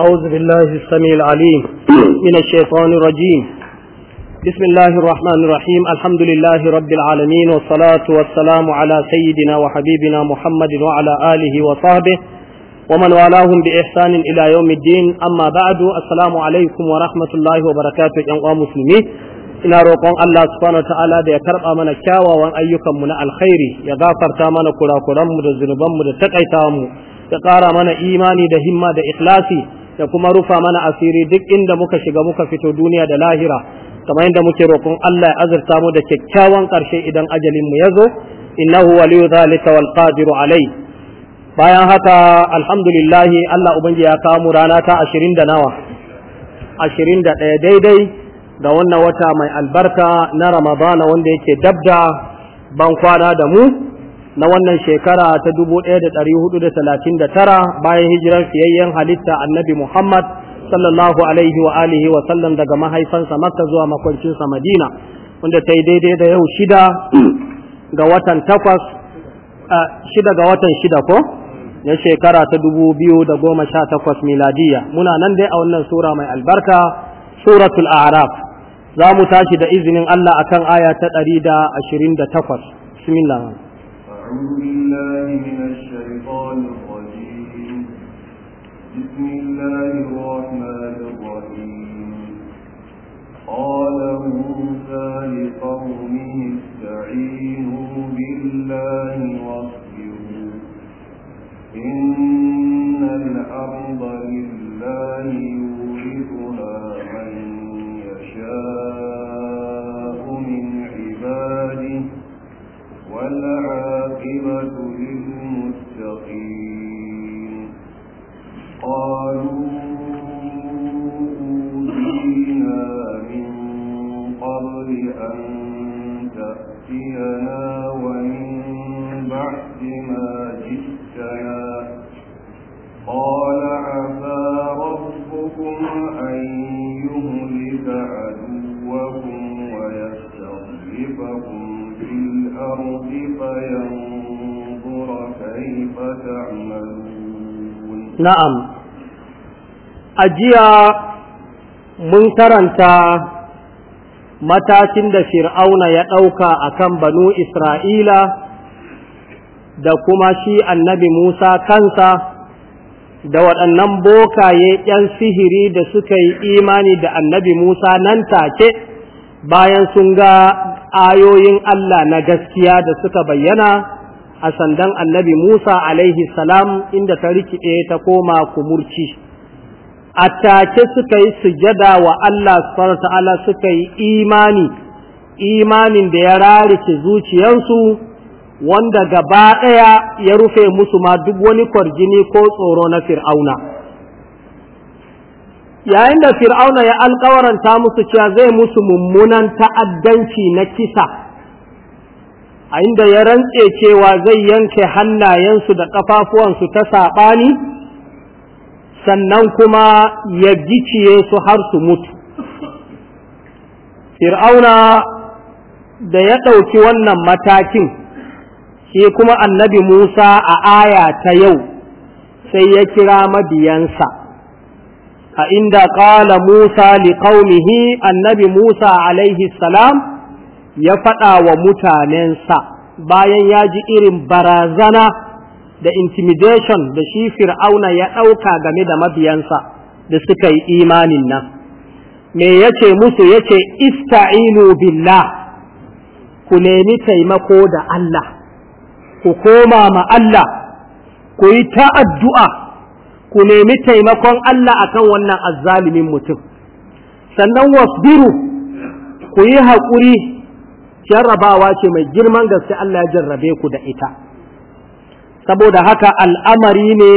أعوذ بالله السميع العليم من الشيطان الرجيم بسم الله الرحمن الرحيم الحمد لله رب العالمين والصلاة والسلام على سيدنا وحبيبنا محمد وعلى آله وصحبه ومن والاهم بإحسان إلى يوم الدين أما بعد السلام عليكم ورحمة الله وبركاته يا مسلمين ina roƙon Allah subhanahu ta'ala da ya karɓa mana kyawawan ayyukanmu na alkhairi ya gafarta mana kurakuranmu da zunubanmu da takaitawanmu ya ƙara mana imani da himma da ikhlasi da kuma rufa mana asiri duk inda muka shiga muka fito duniya da lahira kamar yadda muke roƙon Allah ya azurta mu da kyakkyawan ƙarshe idan ajalin mu yazo innahu waliyu zalika wal qadiru alai bayan haka alhamdulillah Allah ubangi ya kawo mu rana ta 20 da nawa 21 daidai Da wannan wata mai albarka na Ramadana wanda yake dabda ban kwana da mu na wannan shekara ta 1439 bayan hijirar fiyayyen halitta annabi Muhammad sallallahu alaihi wa alihi wa sallam daga mahaifansa Makka zuwa makwancinsa Madina wanda ta yi daidai da yau shida ga watan takwas shida ga watan shida ko na shekara ta 2018 miladiya muna nan dai a wannan sura mai albarka suratul a'raf za mu tashi da izinin Allah akan aya ta 128 bismillah أعوذ بالله من الشيطان الرجيم بسم الله الرحمن الرحيم قال موسى لقومه استعينوا بالله واصبروا إن الأرض لله na'am a jiya mun karanta matakin da fir'auna ya ɗauka a kan banu isra'ila da kuma shi annabi musa kansa da waɗannan bokaye ‘yan sihiri da suka yi imani da annabi musa nan take bayan sun ga ayoyin allah na gaskiya da suka bayyana a sandan annabi Musa alaihi salam inda ta rikide ta koma kumurci a take suka yi sujada wa Allah subhanahu ta'ala suka yi imani imanin da ya rarike zuciyarsu wanda gaba ɗaya ya rufe musu ma duk wani kwarjini ko tsoro na fir'auna yayin da fir'auna ya alkawaranta musu cewa zai musu mummunan ta'addanci na kisa a inda ya rantse cewa zai yanke hannayensu da ƙafafuwansu ta saɓani sannan kuma ya giciye su har su mutu fir'auna da ya ɗauki wannan matakin shi kuma annabi musa a aya ta yau sai ya kira mabiyansa a inda ƙala musa liƙaunihi annabi musa alaihi salam ya faɗa wa mutanensa bayan ya ji irin barazana da intimidation da shi fir'auna ya ɗauka game da mabiyansa da suka yi imanin nan me yace musu ya ce, ista'inu billah ku nemi taimako da Allah ku koma ma Allah ku yi ta'addu'a, ku nemi taimakon Allah akan wannan azzalimin mutum sannan wasbiru ku yi haƙuri jarrabawa ce mai girman gaske Allah ya jarrabe ku da ita saboda haka al'amari ne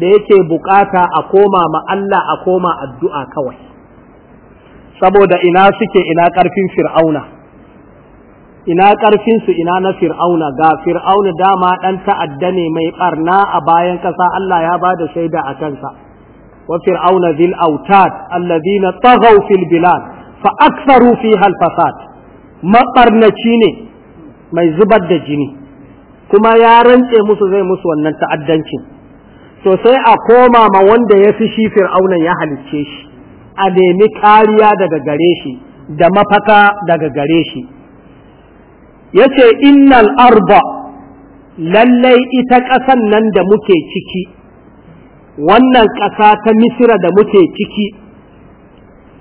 da yake bukata a koma ma Allah a koma addu'a kawai saboda ina suke ina ƙarfin fir'auna ina ƙarfinsu ina na fir'auna ga fir'auna dama ɗan ta'adda ne mai ɓarna a bayan ƙasa Allah ya ba da shaida a kansa wa fir'auna zil autad allazina taghaw fil bilad fa aktharu fiha al fasad maɓarnaci ne mai zubar da jini kuma ya rantse musu zai musu wannan ta'addanci, to sai a koma ma wanda ya fi shi fir'aunan ya halicce shi a nemi kariya daga gare shi da mafaka daga gare shi ya ce innal arba lallai ita ƙasan nan da muke ciki wannan ƙasa ta misira da muke ciki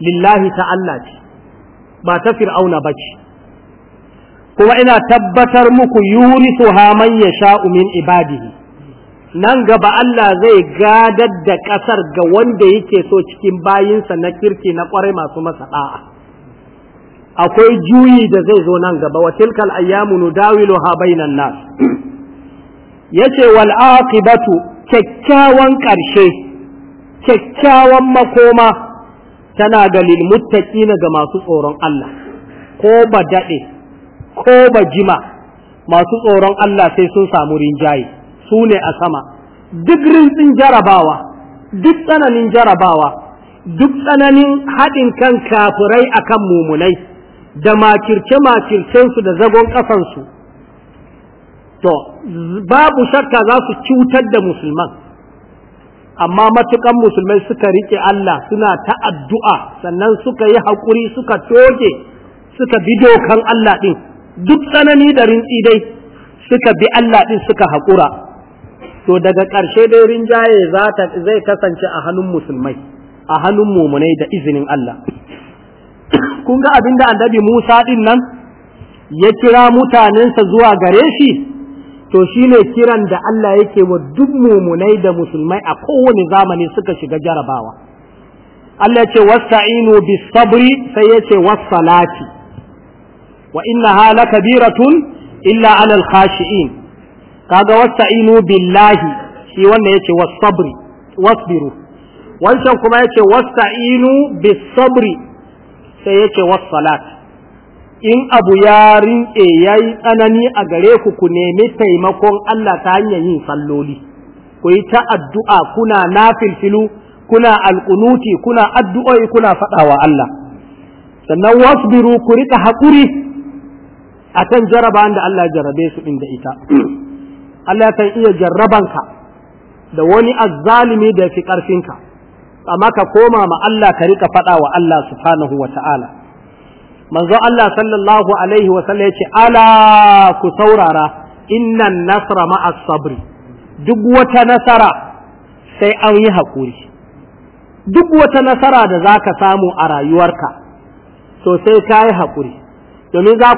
lillahi ta Allah ce ba ta fir'auna ba ce kuma ina tabbatar muku yuri su ha ya sha umin ibadihi nan gaba Allah zai gadar da ƙasar ga wanda yake so cikin bayinsa na kirki na ƙwarai masu masa ɗa'a. Akwai juyi da zai zo nan gaba wa tilkal ayyamu nudawilu ha bainan nas. Yace wal aqibatu kyakkyawan ƙarshe kyakkyawan makoma tana ga lil muttaqina ga masu tsoron Allah ko ba daɗe ko ba jima masu tsoron Allah sai sun samu rinjaye su ne a sama duk rintsin jarabawa duk tsananin jarabawa duk tsananin haɗin kan kafirai a kan mumunai da makirce-makircensu da zagon ƙasansu to babu shakka za su cutar da musulman amma matukan musulmai suka riƙe Allah suna ta addu'a sannan suka yi haƙuri suka toge suka bi dokan Allah ɗin duk tsanani da rintsi dai suka bi Allah ɗin suka haƙura to daga ƙarshe dai rinjaye zai kasance a hannun musulmai a hannun mumunai da izinin Allah kun ga abinda da annabi Musa ɗin nan ya kira mutanensa zuwa gare shi to shine kiran da Allah yake wa duk mumunai da musulmai a kowane zamani suka shiga jarabawa Allah ya ce wasta'inu bis sabri sai ya ce was salati wa innaha lakabiratun illa alal khashi'in kaga wasta'inu billahi shi wannan yace wasabri wasbiru wancan kuma yace wasta'inu bisabri sai yace wassalat in abu ya ya yayi tsanani a gare ku ku nemi taimakon Allah ta hanyar yin salloli ku yi ta addu'a kuna nafilfilu kuna alkunuti kuna addu'o'i kuna faɗawa Allah sannan wasbiru ku rika haƙuri A kan jaraba da Allah ya jarabe su inda ita Allah ya kan iya jarrabanka da wani azzalimi da fi ƙarfinka, amma ka koma ma Allah ka rika faɗa wa Allah subhanahu wa ta'ala manzo Allah sallallahu alaihi wa sallam yace ala ku saurara innan nasra ma'as sabri duk wata nasara sai an yi hakuri duk wata nasara da zaka samu a rayuwarka to sai kai hakuri domin za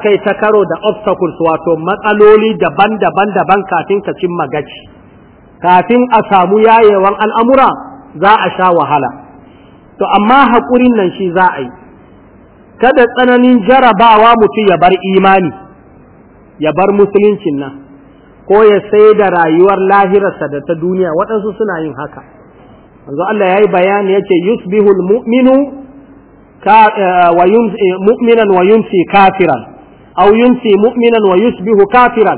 ka yi ta karo da obstacles wato matsaloli daban-daban daban kafin ka cimma gaci kafin a samu yayewan al'amura za a sha wahala to amma haƙurin nan shi za a yi kada tsananin jarabawa mutum ya bar imani ya bar musuluncin nan ko ya sai da rayuwar lahirarsa da ta duniya waɗansu suna yin haka yanzu Allah ya yi bayani ya ce yusbihul mu'minu Eh, eh, mu'minan wa كافرا kafiran aw مؤمنا mu'minan كافرا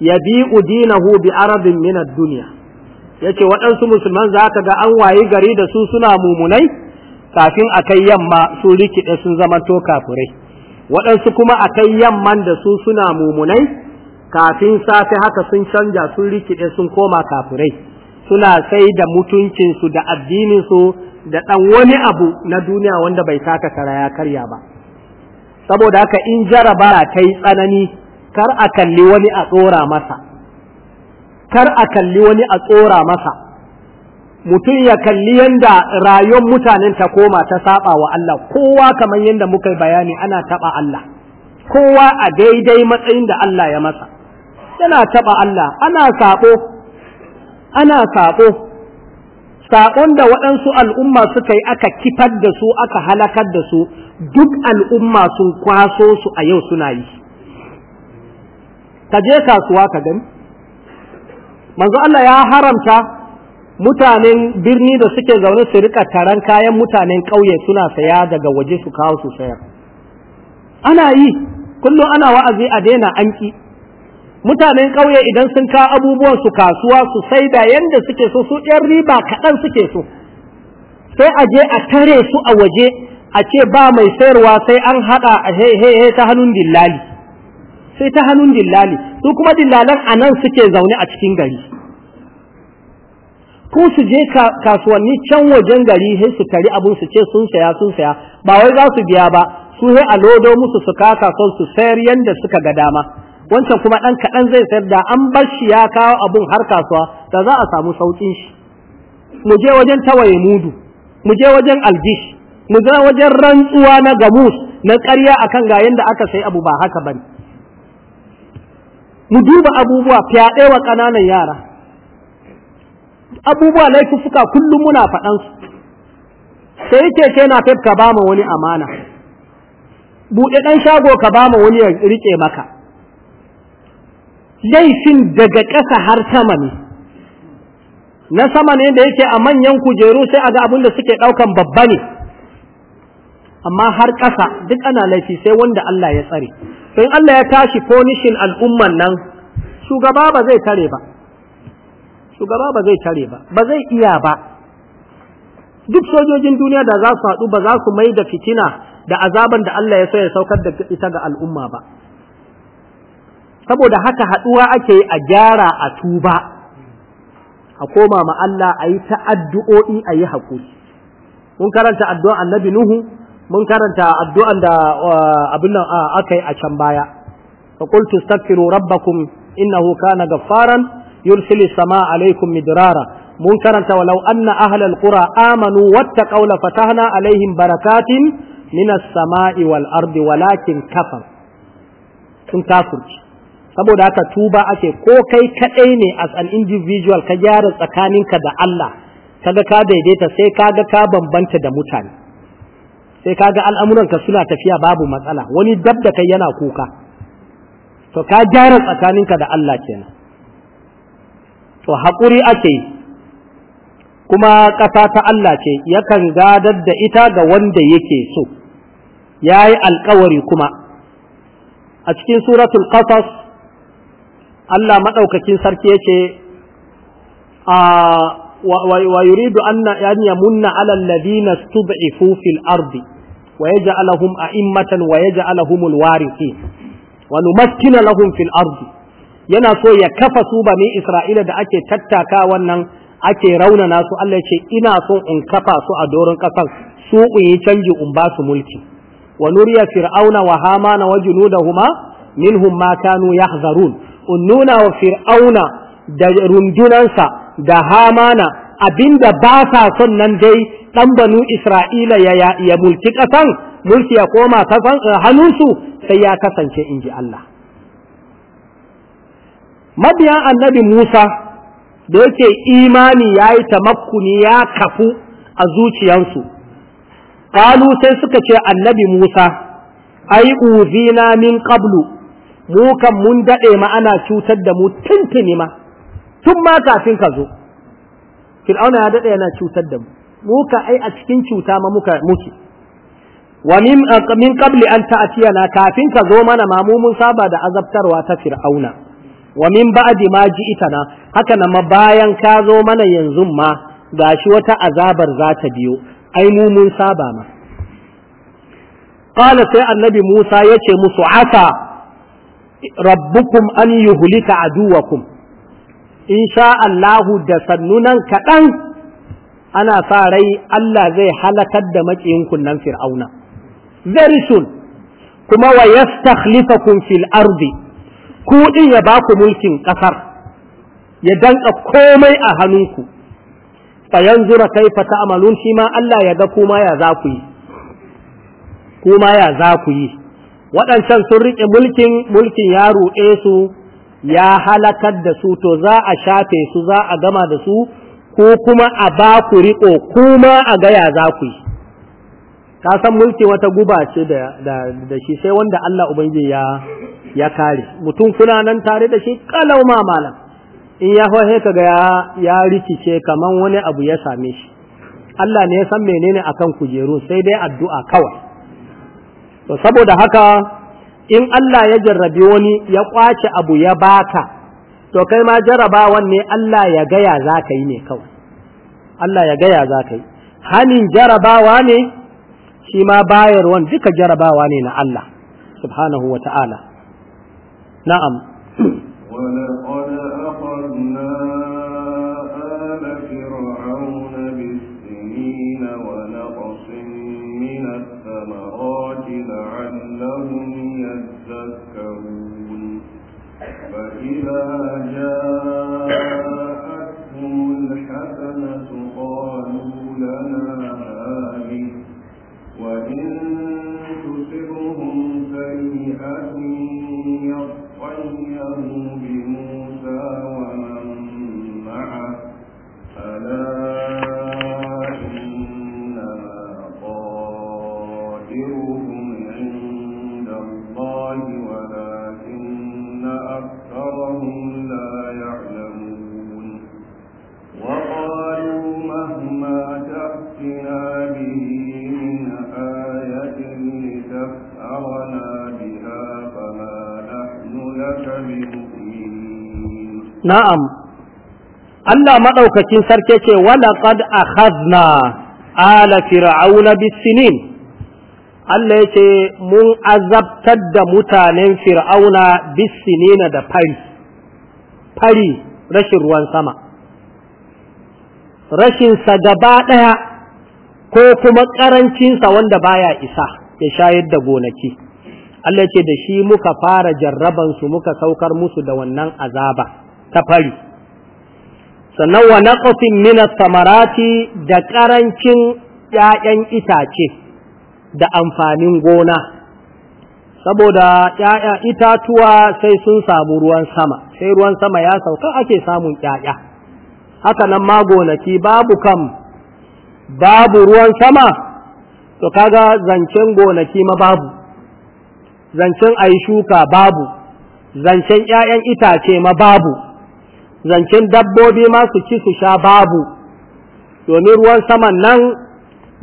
يبيء kafiran بأرض من الدنيا arabin min duniya. yace waɗansu musulman za ka ga an wayi gari da su suna mumunai kafin a kai yamma su rikide sun zama to kafirai waɗansu kuma a kai yamman da su suna mumunai kafin safe haka sun canja sun rikide sun koma kafirai suna sai da mutuncinsu da addininsu da ɗan wani abu na duniya wanda bai taka kara ya karya ba saboda haka in jaraba ta yi tsanani kar a kalli wani a tsora masa kar a kalli wani a tsora masa mutum ya kalli yadda rayuwar mutanen ta koma ta saba wa Allah kowa kamar yadda muka bayani ana taba Allah kowa a daidai matsayin da Allah ya masa yana taba Allah ana sabo ana sabo saƙon da waɗansu al'umma suka yi aka kifar da su aka halakar da su duk al'umma sun kwaso su a yau suna yi ka je kasuwa ka gani manzo Allah ya haramta mutanen birni da suke zaune su rika taron kayan mutanen ƙauye suna saya daga waje su kawo su sayar ana yi kullum ana wa'azi a daina anki mutanen ƙauye idan sun ka abubuwan su kasuwa su sai da yanda suke so su ɗan riba kaɗan suke so sai a je a tare su a waje a ce ba mai sayarwa sai an haɗa a he ta hannun dillali sai ta hannun dillali su kuma dillalan a nan suke zaune a cikin gari ko su je kasuwanni can wajen gari sai su tari abun su ce sun saya sun saya ba wai za su biya ba su sai a lodo musu su kasa son su sayar yanda suka ga dama wancan kuma ɗan kaɗan zai sayar da an bar shi ya kawo abun har kasuwa da za a samu sauƙin shi mu je wajen tawaye mudu mu je wajen algish mu je wajen rantsuwa na gamus na ƙarya akan ga yanda aka sai abu ba haka bane mu duba abubuwa fyaɗe wa ƙananan yara abubuwa fuka kullum muna faɗansu sai yake ke na ka ba wani amana buɗe ɗan shago ka ba wani ya riƙe maka laifin daga ƙasa har sama ne na sama ne da yake a manyan kujeru sai a ga abin da suke ɗaukan babba ne amma har ƙasa duk ana laifi sai wanda Allah ya tsare to in Allah ya tashi ponishin al'umman nan shugaba ba zai tare ba shugaba ba zai tare ba ba zai iya ba duk sojojin duniya da za su haɗu ba za su mai da fitina da azaban da Allah ya so ya saukar da ita ga al'umma ba saboda haka haɗuwa ake yi a gyara a tuba a koma ma Allah a yi ta'addu'o'i a yi haƙuri mun karanta addu'an annabi nuhu mun karanta addu'an da uh, abin nan aka yi a can baya fa qultu astaghfiru rabbakum innahu kana gaffaran yursilis sama alaikum midrara mun karanta walau anna ahlal qura amanu wattaqaw la fatahna alaihim barakatin minas sama'i wal ardi walakin kafar sun kafirci saboda haka tuba ake ko kai kadai ne as an individual ka gyara tsakaninka da Allah kaga ka daidaita sai kaga ka bambanta da mutane sai kaga al'amuranka suna tafiya babu matsala wani dab da kai yana kuka to ka gyara tsakaninka da Allah kenan to hakuri ake kuma ƙasa ta Allah ce yakan gadar da ita ga wanda yake so yayi alkawari kuma a cikin suratul qasas Allah maɗaukakin sarki yake a wa yuridu anna an yamunna ala alladhina stud'ifu fil ardi wa yaj'alahum a'immatan wa yaj'alahumul warithin wa numakkina lahum fil ardi yana so ya kafa su bani Isra'ila da ake tattaka wannan ake raunana su Allah ce ina son in kafa su a doron kasar su in yi canji in ba su mulki wa nuriya fir'auna wa hamana wa junudahuma minhum ma kanu yahzarun nuna wa fir'auna da rundunansa da hamana abinda ba sa son nan dai ɗan banu isra'ila ya mulki ƙasan mulki ya koma eh, hannunsu sai ya kasance in ji Allah mabiyan annabi musa da yake imani ya yi makuni ya kafu a zuciyansu ƙalu sai suka ce annabi musa ai uzina min qablu mu kan mun daɗe ma ana cutar da mu tuntuni ma tun ma kafin ka zo fir'auna ya daɗe yana cutar da mu mu ka ai a cikin cuta ma muka muke wa min min qabli an ta'tiyana kafin ka zo mana ma mu mun saba da azabtarwa ta fir'auna wa min ba'di ma ji'tana haka nan ma bayan ka zo mana yanzu ma gashi wata azabar za ta biyo ai mu mun saba ma qala sai annabi Musa yace musu asa rabbukum an yuhlika aduwakum sha Allahu da sannunan kaɗan ana sa rai Allah zai halakar da maƙiyin kunnan fir'auna very soon kuma wa yastakhlifakum fil ardi ku din ya baku mulkin ƙasar ya danka komai a hannunku fa yanzura kaifa ta'malun shi ma Allah ya ga kuma ya za ku yi kuma ya za ku yi waɗancan sun riƙe mulkin mulkin ya ruɗe su ya halakar da su to za a shafe su za a gama da su ko kuma a ba ku riƙo kuma a gaya za ku yi ka san mulki wata guba ce da shi sai wanda Allah ubangiji ya ya kare mutum kuna nan tare da shi kalau ma malam in ya hohe ka ga ya rikice kaman wani abu ya same shi Allah ne ya san menene akan kujeru sai dai addu'a kawai to saboda haka in Allah ya jarrabe wani ya kwace abu ya baka to kai ma jarrabawan ne Allah ya gaya za ka yi ne kawai Allah ya gaya za ka yi hanin jarrabawa ne shi ma bayarwan duka jarrabawa ne na Allah subhanahu wa ta'ala na'am وإن na'am Allah maɗaukacin sarki ce walaƙad a hazna ala fir'auna bisinin Allah ya ce mun azabtar da mutanen fir'auna bisinina da fari fari rashin ruwan sama rashinsa gaba ɗaya ko kuma ƙarancinsa wanda baya isa ya shayar da gonaki Allah ya ce da shi muka fara jarrabansu muka saukar musu da wannan azaba. ta fari sannan wa naqsin min samarati da ƙarancin ‘ya'yan itace da amfanin gona saboda ‘ya'ya itatuwa sai sun samu ruwan sama sai ruwan sama ya sauka ake samun ‘ya'ya haka nan ma gonaki babu kam babu ruwan sama to kaga zancen gonaki ma babu zancen a shuka babu zancen ‘ya'yan itace ma babu zancen dabbobi ma su ci su sha babu domin ruwan saman nan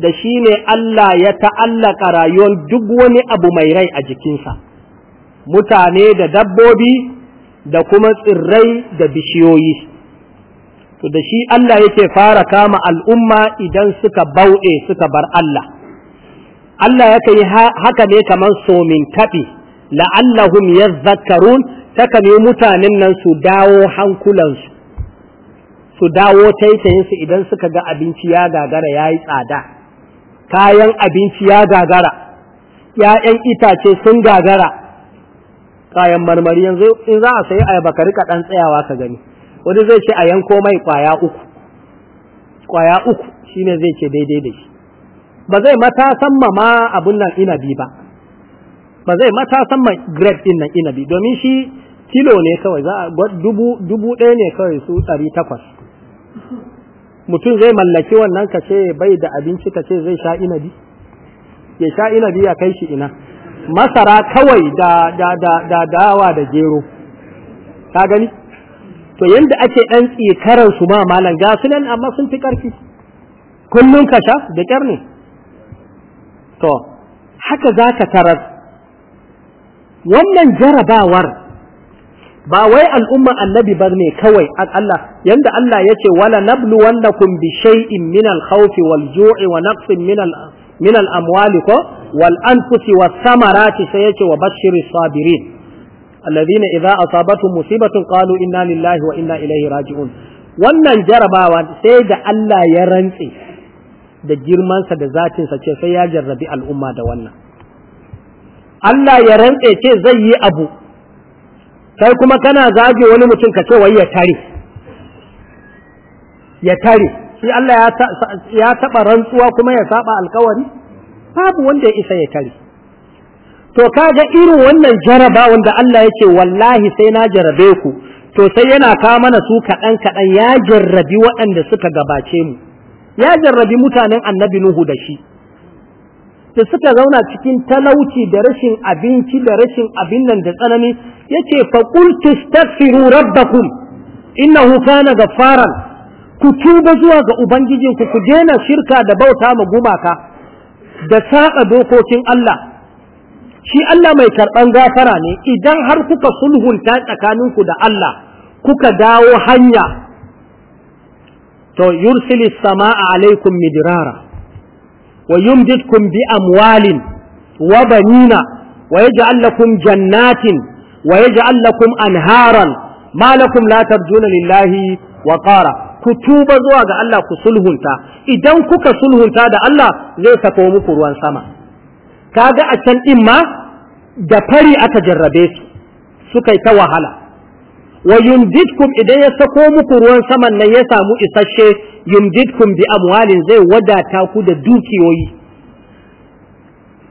da shi ne Allah ya ta'allaka rayuwar duk wani abu mai rai a jikinsa mutane da dabbobi da kuma tsirrai da bishiyoyi to da shi Allah yake fara kama al'umma idan suka bau'e suka bar Allah Allah ya yi haka ne kamar somin taɓi la'allahum ya zakarun taka ne mutanen nan su dawo hankulansu su dawo taitayinsu idan suka ga abinci ya gagara ya yi tsada kayan abinci ya gagara ‘ya'yan itace sun gagara kayan marmari yanzu in za a sayi ayaba ka rika ɗan tsayawa ka gani wani zai ce a yanko mai kwaya uku kwaya uku shine zai ce daidai da shi ba zai matasan ma ma abun nan inabi ba ba zai matasan ma grade din nan inabi domin shi kilo ne kawai za a dubu ɗaya ne kawai su ɗari takwas mutum zai mallaki wannan ka ce bai da abinci ka ce zai sha inabi ya sha inabi ya kai shi ina masara kawai da da da dawa da gero ka gani to yadda ake ɗan tsikaran su ma malam ga nan amma sun fi ƙarfi kullum ka sha da ƙyar ne to haka za ka tarar wannan jarabawar ba wai al'umma annabi ba ne kawai Allah yanda Allah ya ce wala nablu wannakum bi shay'in min al-khawfi wal ju'i wa naqsin min al min al-amwali ko wal anfusi was samarati sai yace wa bashiri sabirin alladhina idza asabatuhum musibatun qalu inna lillahi wa inna ilaihi raji'un wannan jarabawa sai da Allah ya rantse da girmansa da zatinsa ce sai ya jarrabi al'umma da wannan Allah ya rantse ce zai yi abu kai kuma kana zage wani mutum ka ce wai ya tare ya tare shi Allah ya taɓa rantsuwa kuma ya saba alkawari babu wanda ya isa ya tare to kaga irin wannan jaraba wanda Allah ya ce wallahi sai na jarabe ku to sai yana kawo mana su kaɗan kaɗan ya jarrabi waɗanda suka gabace mu ya jarrabi mutanen annabi Nuhu da shi da suka zauna cikin talauci da rashin abinci da rashin abin nan da tsanani yace fa qul tastaghfiru rabbakum innahu kana faran. ku tuba zuwa ga ubangijinku ku daina shirka da bauta ma gumaka da saƙa dokokin Allah shi Allah mai karɓan gafara ne idan har kuka sulhunta tsakaninku da Allah kuka dawo hanya to yursili sama'a alaikum midirara wa yumdidkum bi amwalin wa banina wa yaj'al lakum jannatin wa yaj'al lakum anharan ma lakum la tarjuna lillahi wa ku tuba zuwa ga Allah ku sulhunta idan kuka sulhunta da Allah zai sako muku ruwan sama Ka ga a can din ma da fari aka jarrabe su suka yi ta wahala wa yumdidkum idan ya sako muku ruwan saman nan ya samu isasshe yumdidkum bi amwalin zai wadata ku da dukiyoyi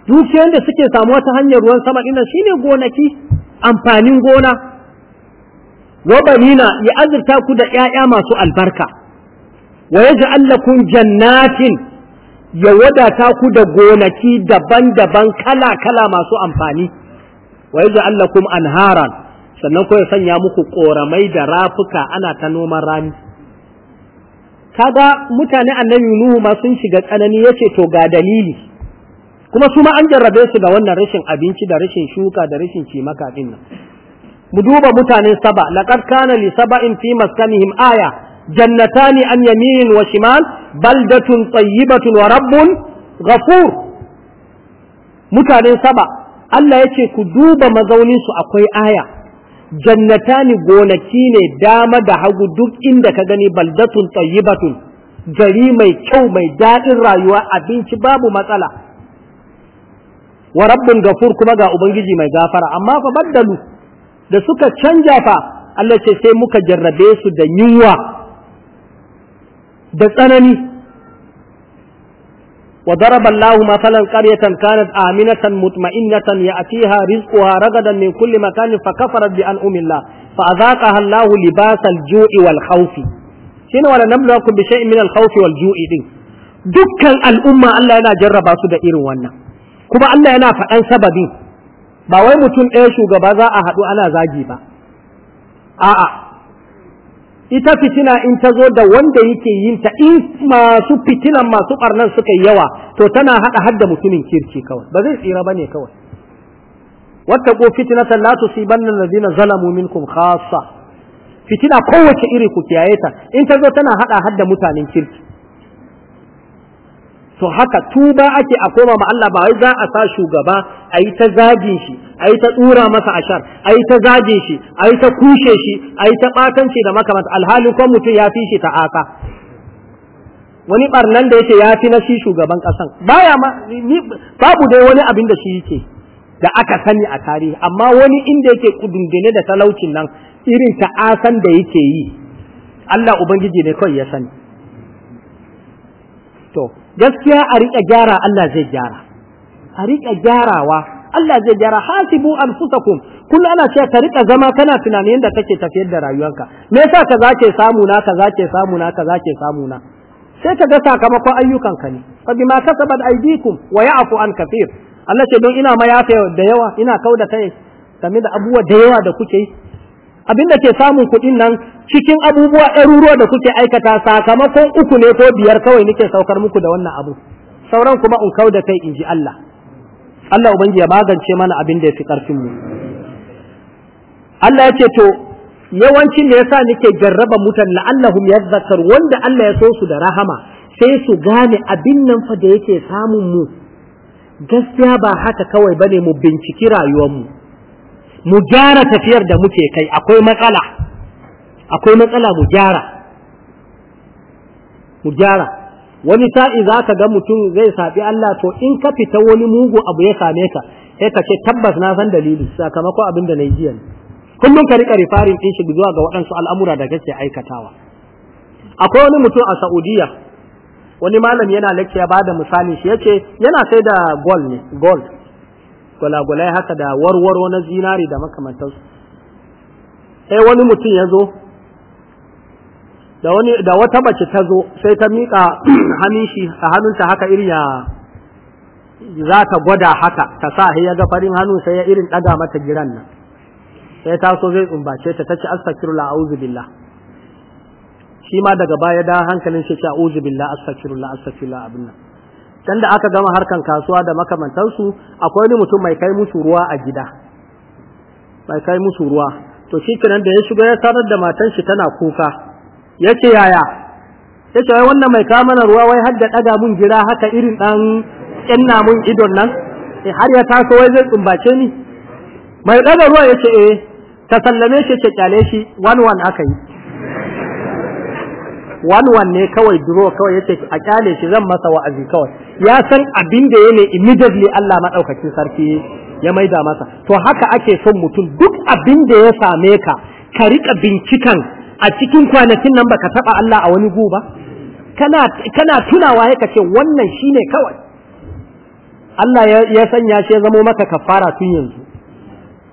dukiyoyin da suke samuwa ta hanyar ruwan sama dinnan shine gonaki amfanin gona wa banina ya azurta ku da 'ya'ya masu albarka wa yaj'al lakum jannatin ya wadata ku da gonaki daban-daban kala-kala masu amfani wa yaj'al lakum anharan sannan ko ya sanya muku koramai da rafuka ana ta noman rani kaga mutane annabi nuhu ma sun shiga tsanani yace to ga dalili kuma su ma an jarrabe su da wannan rashin abinci da rashin shuka da rashin cimaka din mu duba mutane saba laqad kana li saba'in fi maskanihim aya jannatani an yamin wa shimal baldatun tayyibatun wa rabbun ghafur mutanen saba Allah yace ku duba mazaunin su akwai aya jannatani gonaki ne dama da hagu duk inda ka gani baldatun tayyibatun gari mai kyau mai daɗin rayuwa abinci babu matsala wa rabbun gafur kuma ga ubangiji mai gafara amma fa baddalu da suka canja fa Allah ce sai muka jarrabe su da yunwa da tsanani وضرب الله مثلا قرية كانت آمنة مطمئنة يأتيها رزقها رغدا من كل مكان فكفرت بأنعم الله فأذاقها الله لباس الجوع والخوف شنو ولا نبلوكم بشيء من الخوف والجوع دين dukkan الأمة ألا أنا jarraba su da irin wannan kuma Allah yana faɗan sababin ba wai mutum ɗaya shugaba za a haɗu ana zagi ita fitina in ta zo da wanda yake yin ta in masu fitinan masu barnan suka yawa to tana hada hadda mutumin kirki kawai ba zai tsira bane kawai wattaqu fitnatan la tusibanna alladhina zalamu minkum khassa fitina kowace iri ku kiyaye ta in ta zo tana hada hadda mutanen kirki to haka tuba ake a koma ma Allah ba wai za a sa shugaba a yi ta zagin shi a yi ta tsura masa ashar a yi ta zage shi a yi ta kushe shi a yi ta ɓatanci da makamanta alhali ko mutum ya fi shi ta aka wani barnan da yake ya fi na shi shugaban kasan baya ma babu dai wani abin da shi yake da aka sani a tarihi amma wani inda yake kudungune da talaucin nan irin ta ta'asan da yake yi Allah ubangiji ne kawai ya sani to gaskiya a riƙa gyara Allah zai gyara a riƙa gyarawa Allah zai gyara hasibu anfusakum kullu ana cewa ka riƙa zama kana tunanin yadda kake tafiyar da rayuwarka me yasa ka zake samu na ka zake samu na ka zake samu na sai ka ga sakamakon ayyukanka ne fa bima kasabat aydikum wa ya'fu an kathir Allah ce don ina mayafa da yawa ina kauda kai game da abubuwa da yawa da kuke yi abinda ke samun kuɗin nan cikin abubuwa ɗaruruwa da kuke aikata sakamakon uku ne ko biyar kawai nake saukar muku da wannan abu sauran kuma in kau da kai in ji Allah Allah ubangi ya magance mana abin da ya fi ƙarfin mu Allah ya ce to yawancin ne yasa nake jarraba mutan la'allahum yadhakkar wanda Allah ya so su da rahama sai su gane abin nan fa da yake samun mu gaskiya ba haka kawai bane mu binciki rayuwar mu mu gyara tafiyar da muke kai akwai matsala akwai matsala mu gyara wani sa'i za ka ga mutum zai saɓi Allah to in ka fita wani mugu abu ya same ka sai ka ce tabbas na san dalili sakamakon abin da na yi jiya ne kullum ka rika rifarin ɗin shi zuwa ga waɗansu al'amura da kake aikatawa akwai wani mutum a Saudiya wani malam yana lakiya ba bada misali shi yake yana sai da gold ne gold gwalagwalai haka da warwaro na zinari da makamantansu sai wani mutum ya zo da wata mace ta zo sai ta miƙa hannun shi a hannunta haka irin ya za ta gwada haka ta sa ya ga farin hannu sai ya irin ɗaga mata giran nan sai ta so zai tsumbace ta ci astaghfirullah a'udhu shi ma daga baya da hankalin shi ce a'udhu astakirula astakirula abin nan dan da aka gama harkan kasuwa da makamantansu akwai wani mutum mai kai musu ruwa a gida mai kai musu ruwa to shi kenan da ya shiga ya sanar da matan shi tana kuka yace yaya ya wai wannan mai kawo mana ruwa wai har da ɗaga mun jira haka irin ɗan ƙinna mun idon nan eh, har ya taso wai zai tsumbace ni mai ɗaga ruwa yace ce eh ta sallame shi ce kyale shi wan wan aka yi wan wan ne kawai duro kawai yace a kyale shi zan masa wa'azi kawai ya san abin da ne immediately Allah madaukakin sarki ya maida masa to haka ake son mutum duk abin da ya same ka ka rika bincikan a cikin kwanakin nan baka taba Allah a wani guba? ba kana kana tunawa ya kace wannan shine kawai Allah ya sanya shi ya zamo maka kafara tun yanzu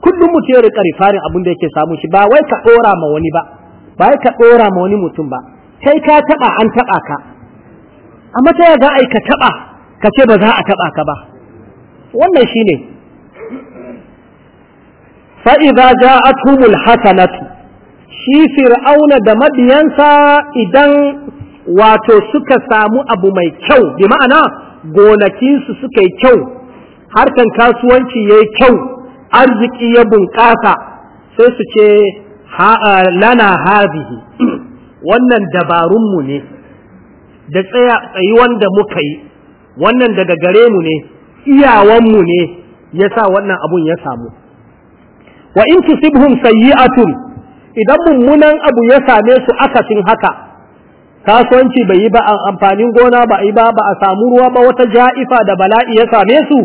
kullum mutum ya rika rifarin abin da yake samu shi ba wai ka dora ma wani ba ba wai ka dora ma wani mutum ba kai ka taba an taba ka amma ta za a ka taba ka ce ba za a taɓa ka ba wannan shi ne fa'iza ja a hasanatu shi fir'auna da mabiyansa idan wato suka samu abu mai kyau bi ma'ana gonakinsu suka yi kyau harkan kasuwanci ya yi kyau arziki ya bunƙasa sai su ce lana hazihi wannan dabarunmu ne da tsayuwan da muka yi wannan daga gare mu ne iyawanmu ne ya sa wannan abun ya samu wa in tusibhum sayyi'atun idan mummunan abu ya same su akasin haka kasuwanci bai yi ba amfanin gona ba yi ba ba a samu ruwa ba wata ja'ifa da bala'i ya same su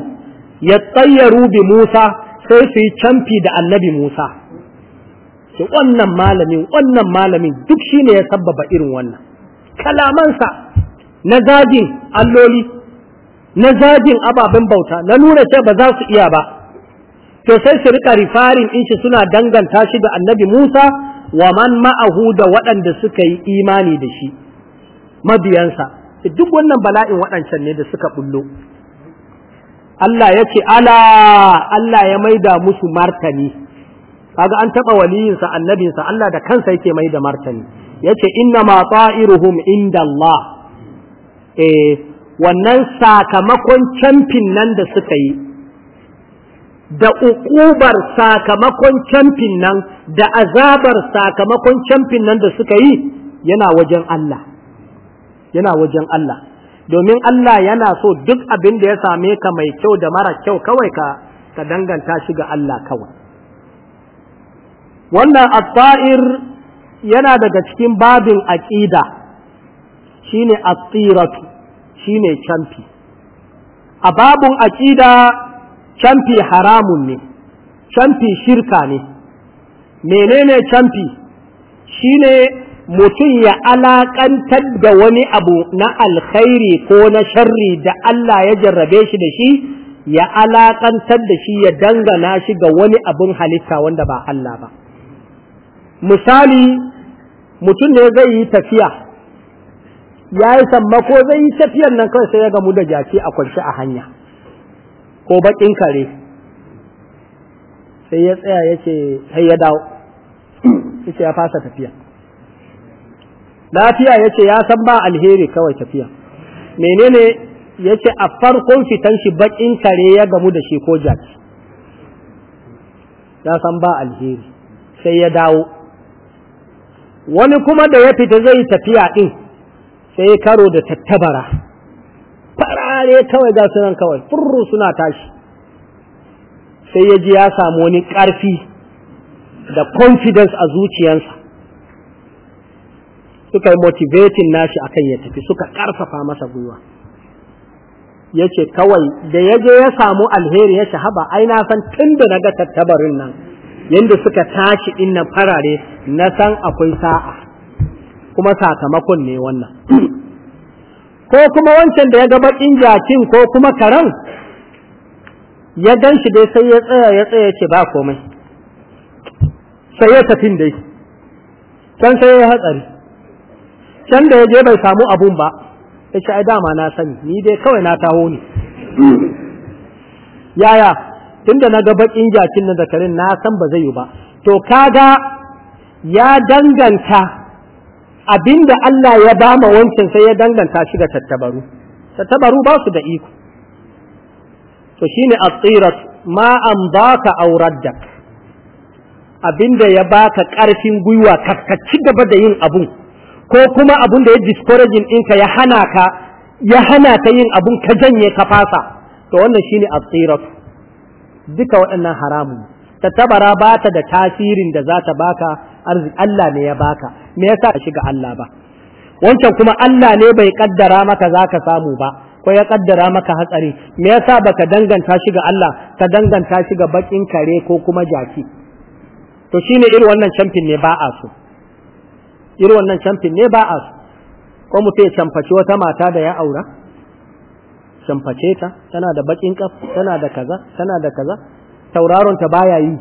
ya tsayyaru bi Musa sai su yi camfi da annabi Musa ki wannan malamin wannan malamin duk shine ya sabbaba irin wannan kalamansa na zagin alloli na zagin ababen bauta na nuna ce ba za su iya ba to sai su rika rifarin in shi suna danganta shi da annabi Musa wa man ma'ahu da waɗanda suka yi imani da shi mabiyansa duk wannan bala'in waɗancan ne da suka bullo Allah ya ce ala Allah ya maida musu martani kaga an taɓa waliyinsa annabinsa Allah da kansa yake mai da martani yace inna ma ta'iruhum inda Allah eh wannan sakamakon camfin nan da suka yi da ukubar sakamakon camfin nan da azabar sakamakon camfin nan da suka yi yana wajen Allah yana wajen Allah domin Allah yana so duk abin da ya same ka mai kyau da mara kyau kawai ka ka danganta shi ga Allah kawai wannan at yana daga cikin babin aqida shine at-tiratu Shi ne camfi a babun aƙida camfi haramun ne camfi shirka ne menene camfi ne mutum ya alaƙantar da wani abu na alkhairi ko na sharri da Allah ya jarrabe shi da shi ya alaƙantar da shi ya dangana shi ga wani abin halitta wanda ba Allah ba misali mutum ne zai yi tafiya ya yi ko zai yi tafiyar nan kawai sai ya gamu da jaki a kwanci a hanya ko bakin kare sai ya tsaya ya ce sai ya dawo ya ce ya fasa tafiya lafiya ya ce ya san ba alheri kawai tafiya menene ya ce a farkon fitan shi bakin kare ya gamu da shi ko jaki ya san ba alheri sai ya dawo wani kuma da ya fita zai tafiya din sai karo da tattabara farare kawai ga sunan kawai furru suna tashi sai ya ji ya samu wani ƙarfi da confidence a zuciyarsa suka yi motivating nashi akan ya tafi suka ƙarfafa masa gwiwa ya ce kawai da ya je ya samu alheri ya shahaba ai na san tun da na ga tattabarin nan yadda suka tashi inna farare na san akwai sa'a kuma sakamakon ne wannan ko kuma wancan da ya ga bakin jakin ko kuma karan ya gan shi dai sai ya tsaya ya tsaya ce ba komai sai ya tafi dai can sai ya hatsari can da ya je bai samu abun ba ya ce ai dama na sani ni dai kawai na taho ne yaya tunda na ga bakin jakin nan da karin na san ba zai yi ba to kaga ya danganta abinda Allah ya bama wancan sai ya danganta shi da tattabaru tattabaru ba su da iko to shine at-tirat ma an baka abin abinda ya baka karfin gwiwa ka ci gaba da yin abun ko kuma abun da ya discouraging ɗinka ya hana ka ya hana ka yin abun ka janye ka fasa to wannan shine at-tirat duka waɗannan haramun tattabara ba ta da tasirin da za ta baka arziki Allah ne ya baka me yasa ka shiga Allah ba wancan kuma Allah ne bai kaddara maka zaka samu ba ko ya kaddara maka hatsari me yasa baka danganta shiga Allah ka danganta shiga bakin kare ko kuma jaki to shine irin wannan champion ne ba a so irin wannan champion ne ba a so ko mu sai chamfaci wata mata da ya aura champace ta tana da bakin kaf tana da kaza tana da kaza tauraron ta baya yi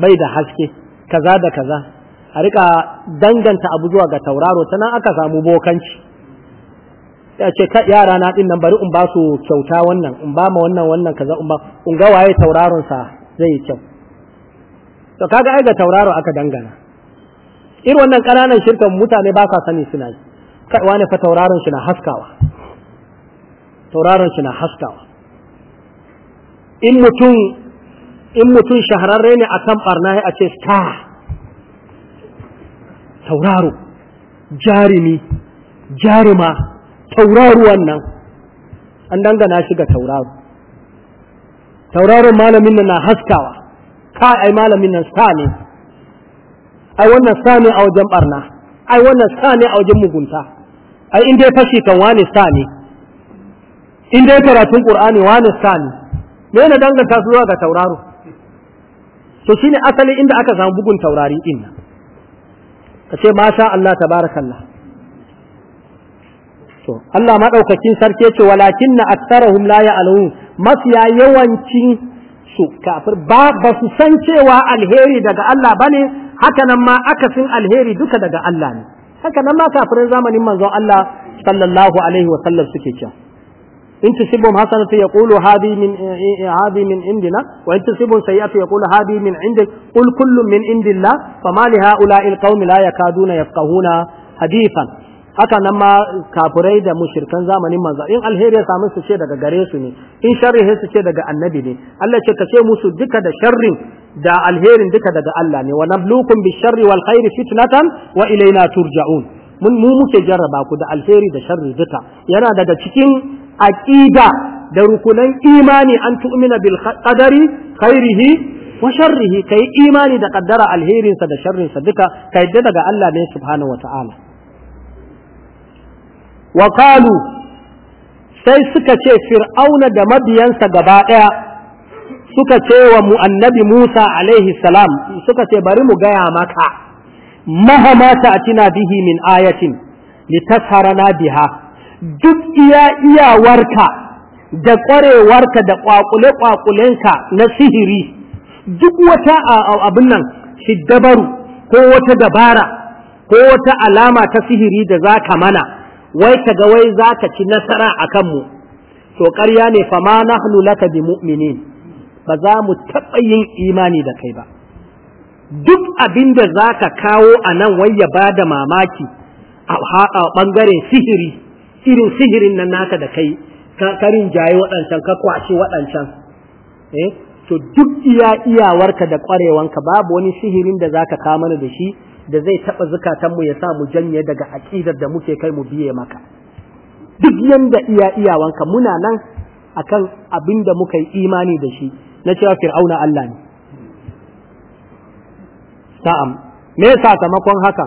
bai da haske kaza da kaza a rika danganta abu zuwa ga tauraro ta nan aka samu bokanci ya ce yara na din nan bari in ba su kyauta wannan in ba ma wannan wannan kaza in ba in ga waye tauraron sa zai kyau to kaga ai ga tauraro aka dangana irin wannan kananan shirkan mutane ba sa sani suna yi kai wani fa tauraron shi na haskawa tauraron shi na haskawa in mutum in mutum shahararre ne akan barna a ce star tauraro jarimi jarima tauraro wannan an dangana shi ga tauraro tauraron malamin nan na haskawa ka ai malamin nan sa ne ai wannan sa ne a wajen barna ai wannan sa ne a wajen mugunta ai in dai fashi kan wani sa ne in dai karatun qur'ani wani sa ne me ne danganta su zuwa ga tauraro to shine asali inda aka samu bugun taurari din nan ka ce masha Allah tabarakallah to Allah madaukakin sarki ce walakin na aktarahum la ya'lamun mafiya yawancin su kafir ba ba su san cewa alheri daga Allah bane haka nan ma akasin alheri duka daga Allah ne haka nan ma kafirin zamanin manzon Allah sallallahu alaihi wa sallam suke cewa إن تصبهم حسنة يقول هذه من هذه من عندنا وإن تصبهم سيئة يقول هذه من عندك قل كل من عند الله فما لهؤلاء القوم لا يكادون يفقهون حديثا haka nan ma kafirai da mushrikan zamanin manzo in alheri ya samu su ce daga gare su ne in sharri su ce daga annabi ne Allah ce ka ce musu duka da sharrin da alherin duka daga Allah ne wa nablukum bi sharri wal khairi fitnatan wa ilaina turja'un mun mu muke jarraba ku da alheri da sharri duka yana daga cikin aqida da rukunan imani an tu'mina bil qadari khairihi wa sharrihi kai imani da kaddara alherinsa da sharrinsa duka ka yadda daga Allah ne subhanahu wata'ala wa qalu sai suka ce fir'auna da mabiyansa gaba daya suka ce wa annabi Musa alaihi salam suka ce bari mu gaya maka mahamata ta'tina bihi min ayatin litasharana biha duk iya iyawarka da ƙwarewarka da ƙwaƙule-ƙwaƙulenka na sihiri duk wata abin nan shiddabaru ko wata dabara ko wata alama ta sihiri da za ka mana wai ka ga wai za ka ci nasara a kanmu to ƙarya ne fa ma nahnu laka bi mu'minin ba za mu taɓa yin imani da kai ba duk abin da za ka kawo a nan wai ya ba da mamaki a ɓangaren sihiri irin sihirin nan naka da kai karin jaye waɗancan ka kwace waɗancan eh to duk iya iyawarka da ƙwarewanka babu wani sihirin da zaka ka mana da shi da zai taɓa zukatan mu ya sa mu janye daga aƙidar da muke kai mu biye maka duk yanda iya iyawanka muna nan akan abin da muka yi imani da shi na cewa fir'auna Allah ne na'am me sakamakon haka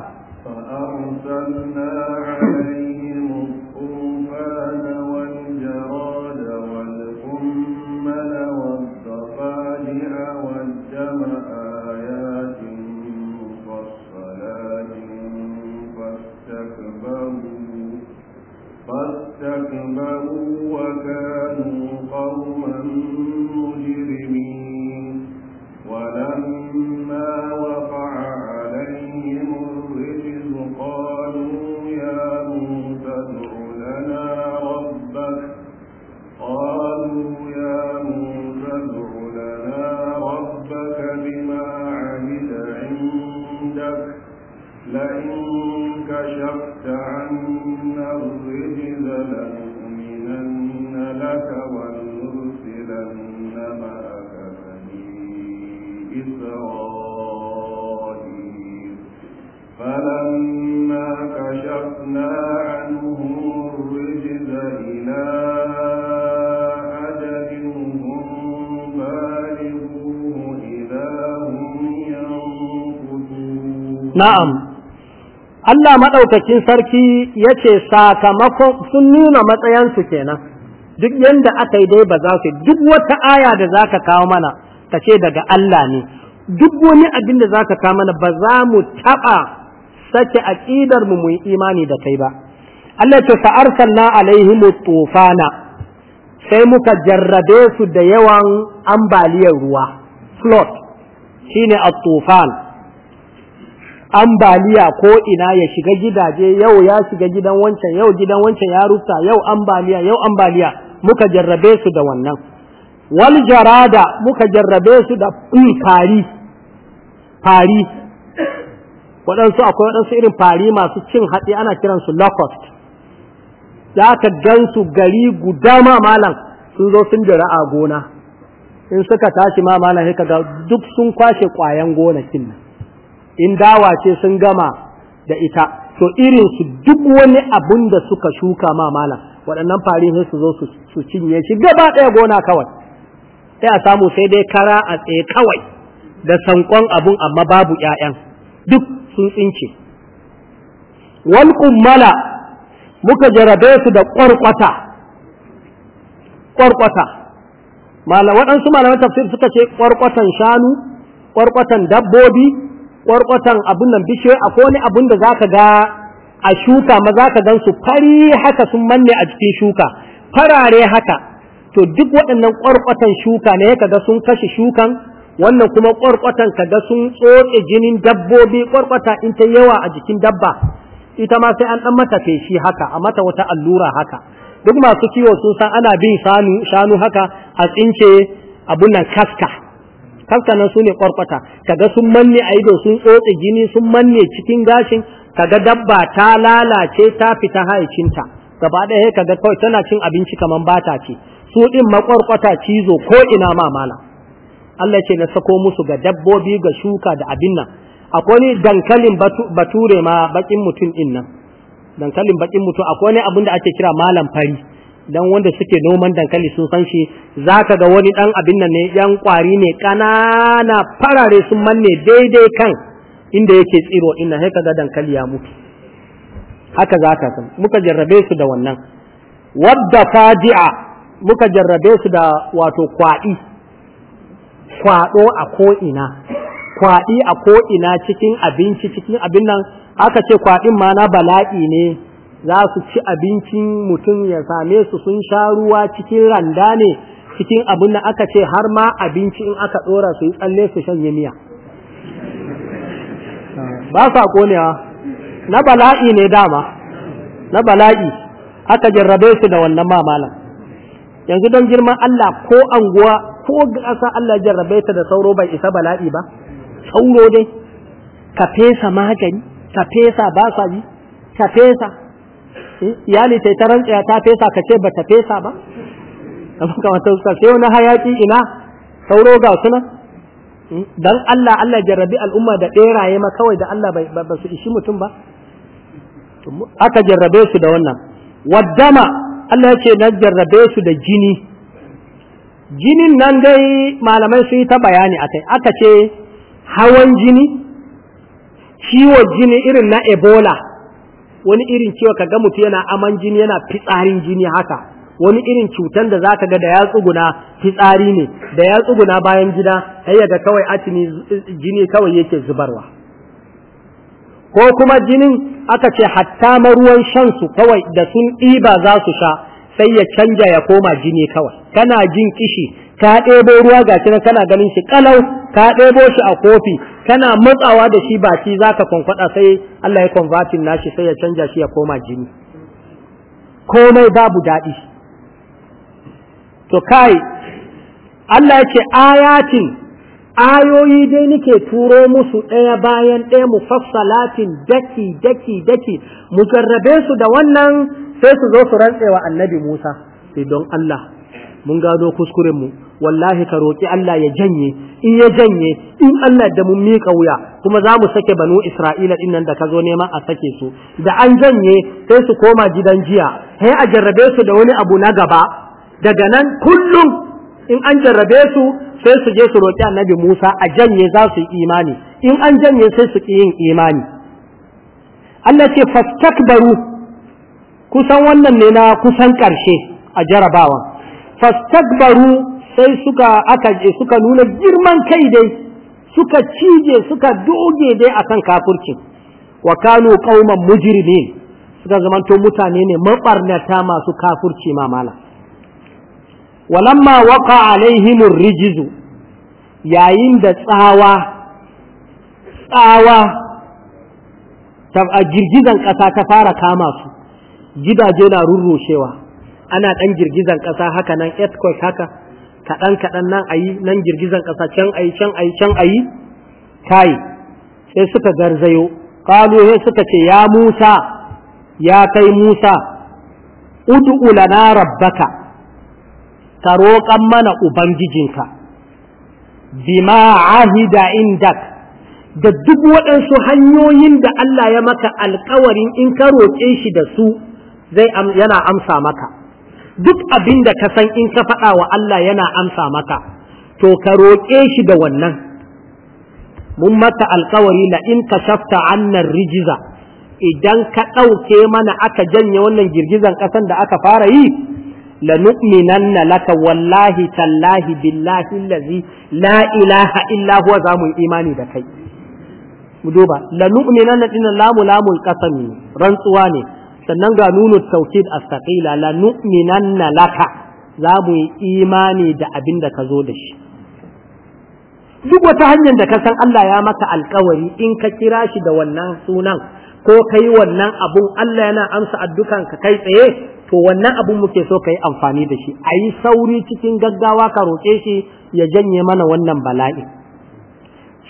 na'am Allah maɗaukakin sarki ya sakamakon sun nuna matsayansu kenan duk yadda aka yi dai ba za su duk wata aya da za ka kawo mana ka ce daga Allah ne duk wani abin da za ka kawo mana ba za mu taɓa sake aƙidar mu yi imani da kai ba Allah ce fa'arsalna alaihim tufana sai muka jarrabe su da yawan ambaliyar ruwa flood shine at-tufan ambaliya ko ina ya shiga gidaje yau ya shiga gidan wancan yau gidan wancan ya rusa yau ambaliya yau ambaliya muka jarrabe su da wannan wal jarada muka jarrabe su da mm, fari fari waɗansu akwai waɗansu irin fari masu cin hatsi ana kiransu locust za ka gansu gari guda ma malam sun zo sun jira a gona in suka tashi ma malam sai ka ga duk sun kwashe ƙwayan gonakin nan in dawa ce sun gama da ita to irin su duk wani abun da suka shuka ma malam waɗannan fari sai su zo su cinye shi gaba ɗaya gona kawai sai a samu sai dai kara a tsaye kawai da sankon abun amma babu ƴaƴan duk sun tsince wal kummala muka jarabe su da ƙwarƙwata ƙwarƙwata waɗansu malaman tafsir suka ce ƙwarƙwatan shanu ƙwarƙwatan dabbobi ƙwarƙwatan abun nan bishe a wani abun da za ka ga a shuka ma ka gan su fari haka sun manne a cikin shuka farare haka to duk waɗannan ƙwarƙwatan shuka ne ka ga sun kashe shukan wannan kuma ƙwarƙwatan ga sun tsotse jinin dabbobi ƙwarƙwata in ta yawa a jikin dabba ita ma sai an ɗan mata feshi haka a mata wata allura haka duk masu kiwo sun san ana bin shanu haka a tsince abun nan kaska nan su ne kwarkwata kaga sun manne a ido sun tsotse gini, sun manne cikin gashin kaga dabba ta lalace ta fita haicinta gaba ɗaya kaga kawai tana cin abinci kaman bata ce su ɗin makwarkwata cizo ko ina ma mala Allah ce na sako musu ga dabbobi ga shuka da abin nan akwai ni dankalin bature ma bakin mutum ɗin nan dankalin bakin mutum akwai ne abin da ake kira malam fari dan wanda suke noman dankali sun san shi ka ga wani dan abin nan ne yan kwari ne kanana farare sun manne daidai kan inda yake tsiro ina sai kaga dankali ya mutu haka za ka san muka jarrabe su da wannan wadda fadi'a muka jarrabe su da wato kwadi kwado a ko ina kwadi a ko ina cikin abinci cikin abin nan aka ce kwadin ma na bala'i ne za su ci abincin mutum ya same su sun sha ruwa cikin randa ne cikin abin da aka ce har ma abinci in aka tsora su yi tsalle su shanye miya ba sa konewa na bala'i ne dama na bala'i aka jarrabe su da wannan mamalan yanzu don girman Allah ko anguwa ko ƙasa Allah jarrabe ta da sauro bai isa bala'i ba sauro dai ka fesa magani ka fesa ba sa yi ka fesa iyali ta ta rantsaya ta fesa ka ce bata fesa ba kamar kama ta sai wani hayaki ina sauro ga suna hmm? dan Allah Allah jarrabi al'umma da ɗeraye ma kawai da Allah ba su ishi mutum ba aka jarrabe su da wannan waddama Allah ya ce na jarrabe su da jini jinin nan dai malamai su yi ta bayani akai aka ce hawan jini ciwon jini irin na ebola wani irin ciwo ga mutu yana aman jini yana fitsarin jini haka wani irin cutan da zaka ga da ya tsuguna fitsari ne da ya tsuguna bayan gida sai ga kawai atini jini kawai yake zubarwa ko kuma jinin aka ce hatta ruwan shan su kawai da sun ɗiba za su sha sai ya canja ya koma jini kawai kana jin kishi ka ɗebo ruwa ga shi kana ganin shi kalau ka ɗebo shi a kofi kana matsawa da shi baki ka kwankwada sai Allah ya na nashi sai ya canja shi ya koma jini komai babu daɗi to kai Allah ya ce ayatin ayoyi dai nake turo musu ɗaya bayan ɗaya mu fassalatin daki daki daki mu jarrabe su da wannan sai su zo su rantsewa annabi Musa sai don Allah mun gano kuskuren mu wallahi ka roki Allah ya janye in ya janye in Allah da mun mika wuya kuma za mu sake banu Isra'ila din nan da ka zo neman a sake su da an janye sai su koma gidan jiya sai a jarrabe su da wani abu na gaba daga nan kullum in an jarrabe su sai su je su roki Annabi Musa a janye za su yi imani in an janye sai su ki yin imani Allah ce fastakbaru kusan wannan ne na kusan ƙarshe a jarabawan fastakbaru sai suka aka suka nuna girman kai dai suka cije suka doge dai akan kafurci. wa kanu qauman mujrimin suka zamanto mutane ne mabarnata masu kafurci ma mala walamma waqa alaihim rijizu yayin da tsawa tsawa ta girgizan ƙasa ta fara kama su gidaje na rurrushewa ana ɗan girgizan ƙasa haka nan earthquake haka kaɗan kaɗan nan ayi nan girgizan ƙasa can ayi can ayi can ayi kai sai suka garzayo kalu sai suka ce ya Musa ya kai Musa ud'u lana rabbaka ka roƙan mana ubangijinka bima ahida indak da duk waɗansu hanyoyin da Allah ya maka alkawarin in ka roƙe shi da su zai yana amsa maka duk abin da ka san in ka faɗa wa Allah yana amsa maka to ka roƙe shi da wannan mun maka alkawari la in ka shafta annan rijiza idan ka ɗauke mana aka janye wannan girgizan ƙasan da aka fara yi la nu'minanna laka wallahi tallahi billahi Lazi, la ilaha illa huwa za mu imani da kai mu duba la nu'minanna dinnan lamu lamul qasami rantsuwa ne sannan ga nunu tauhid a saqila la nu'minanna laka za mu yi imani da abin da ka zo da shi duk wata hanyar da ka san Allah ya maka alkawari in ka kira shi da wannan sunan ko kai wannan abun Allah yana amsa addukan ka kai tsaye to wannan abun muke so ka yi amfani da shi a yi sauri cikin gaggawa ka roƙe shi ya janye mana wannan bala'i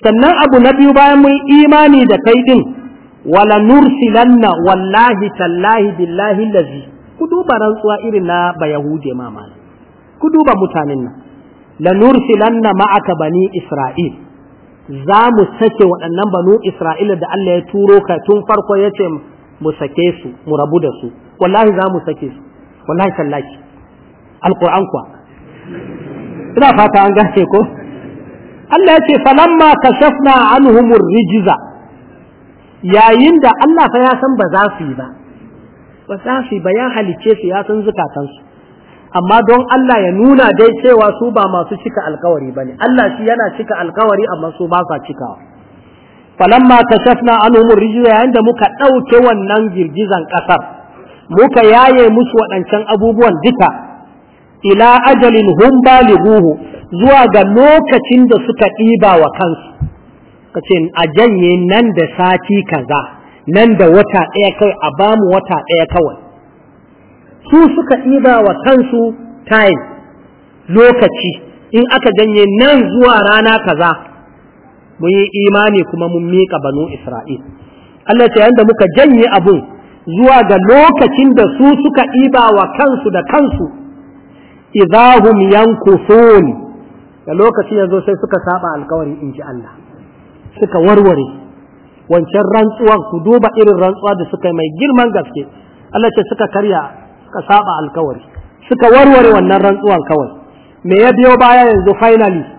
sannan abu na biyu bayan mun imani da kai din wala nursilanna wallahi tallahi billahi lazi ku duba rantsuwa irin na ba yahude ma mal ku duba mutanen nan la nursilanna ma'aka bani isra'il za mu sake waɗannan banu isra'ila da Allah ya turo ka tun farko ya ce mu sake su mu rabu da su wallahi za mu sake su wallahi tallahi alquran kuwa ina fata an gace ko Allah ya ce falamma kashafna anhumur rijza yayin da Allah fa ya san ba za su yi ba ba za su yi ba ya halice su ya san zukatansu amma don Allah ya nuna dai cewa su ba masu cika alkawari ba ne Allah shi yana cika alkawari amma su ba sa cikawa falamma kashafna anhum rijza yayin da muka ɗauke wannan girgizan ƙasar muka yaye musu waɗancan abubuwan duka ila ajalin hum balighuhu zuwa ga lokacin da suka ɗiba wa kansu a janye nan da sati kaza nan da wata ɗaya kai a bamu wata ɗaya kawai su suka ɗiba wa kansu time lokaci in aka janye nan zuwa rana kaza mun yi imani kuma mun miƙa banu isra'il Allah ce yanda muka janye abun zuwa ga lokacin da su suka ɗiba wa kansu da kansu idahum yankufun da lokacin yanzu sai suka saba alkawari in ji Allah suka warware wancan rantsuwan ku duba irin rantsuwa da suka mai girman gaske Allah ce suka karya suka saba alkawari suka warware wannan rantsuwan kawai me ya biyo baya yanzu finally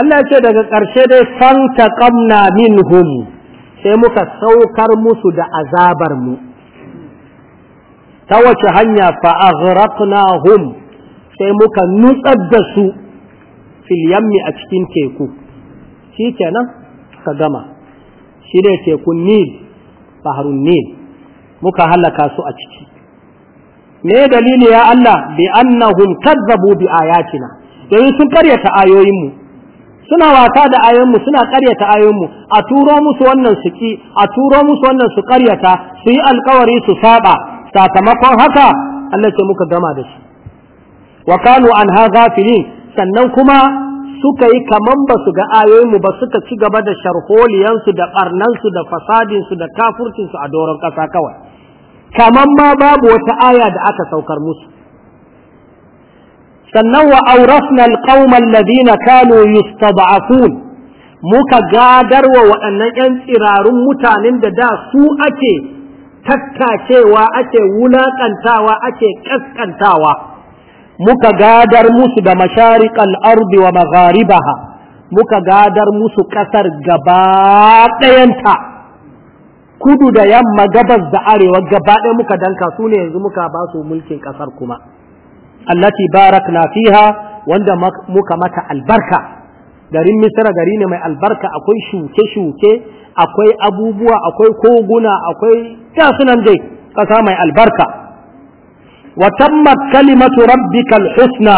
Allah ya ce daga ƙarshe dai min minhum sai muka saukar musu da azabar mu ta wace hanya fa hum sai muka nutsar da su fil yammi a cikin teku shi kenan ka gama shi ne tekun nil baharun nil muka halaka su a ciki me dalili ya Allah bi annahum kazzabu bi ayatina yanzu sun karyata ayoyinmu suna wasa da ayoyinmu suna ƙaryata ayoyinmu a turo musu wannan su a turo musu wannan su ƙaryata su yi alƙawari su saba sakamakon haka Allah ce muka gama da shi. wa kanu an ha gafilin sannan kuma suka yi kaman ba su ga ayoyinmu ba suka ci gaba da sharholiyansu da barnansu da fasadinsu da kafurcinsu a doron ƙasa kawai kaman ma babu wata aya da aka saukar musu sannan wa aurasna alqauman ladina kanu yustad'afun muka gadarwa waɗannan ƴan tsirarun mutanen da da su ake tattacewa ake wulaƙantawa ake kaskantawa muka gadar musu da mashariƙal ardi wa magharibaha muka gadar musu ƙasar gaba ɗayanta kudu da yamma gabas da arewa gaba ɗaya muka danka su ne yanzu muka ba su mulkin ƙasar kuma allati barakna fiha wanda muka mata albarka garin misra gari ne mai albarka akwai shuke-shuke akwai abubuwa akwai koguna akwai tasunan dai kasa mai albarka wa tammat kalimatu rabbikal husna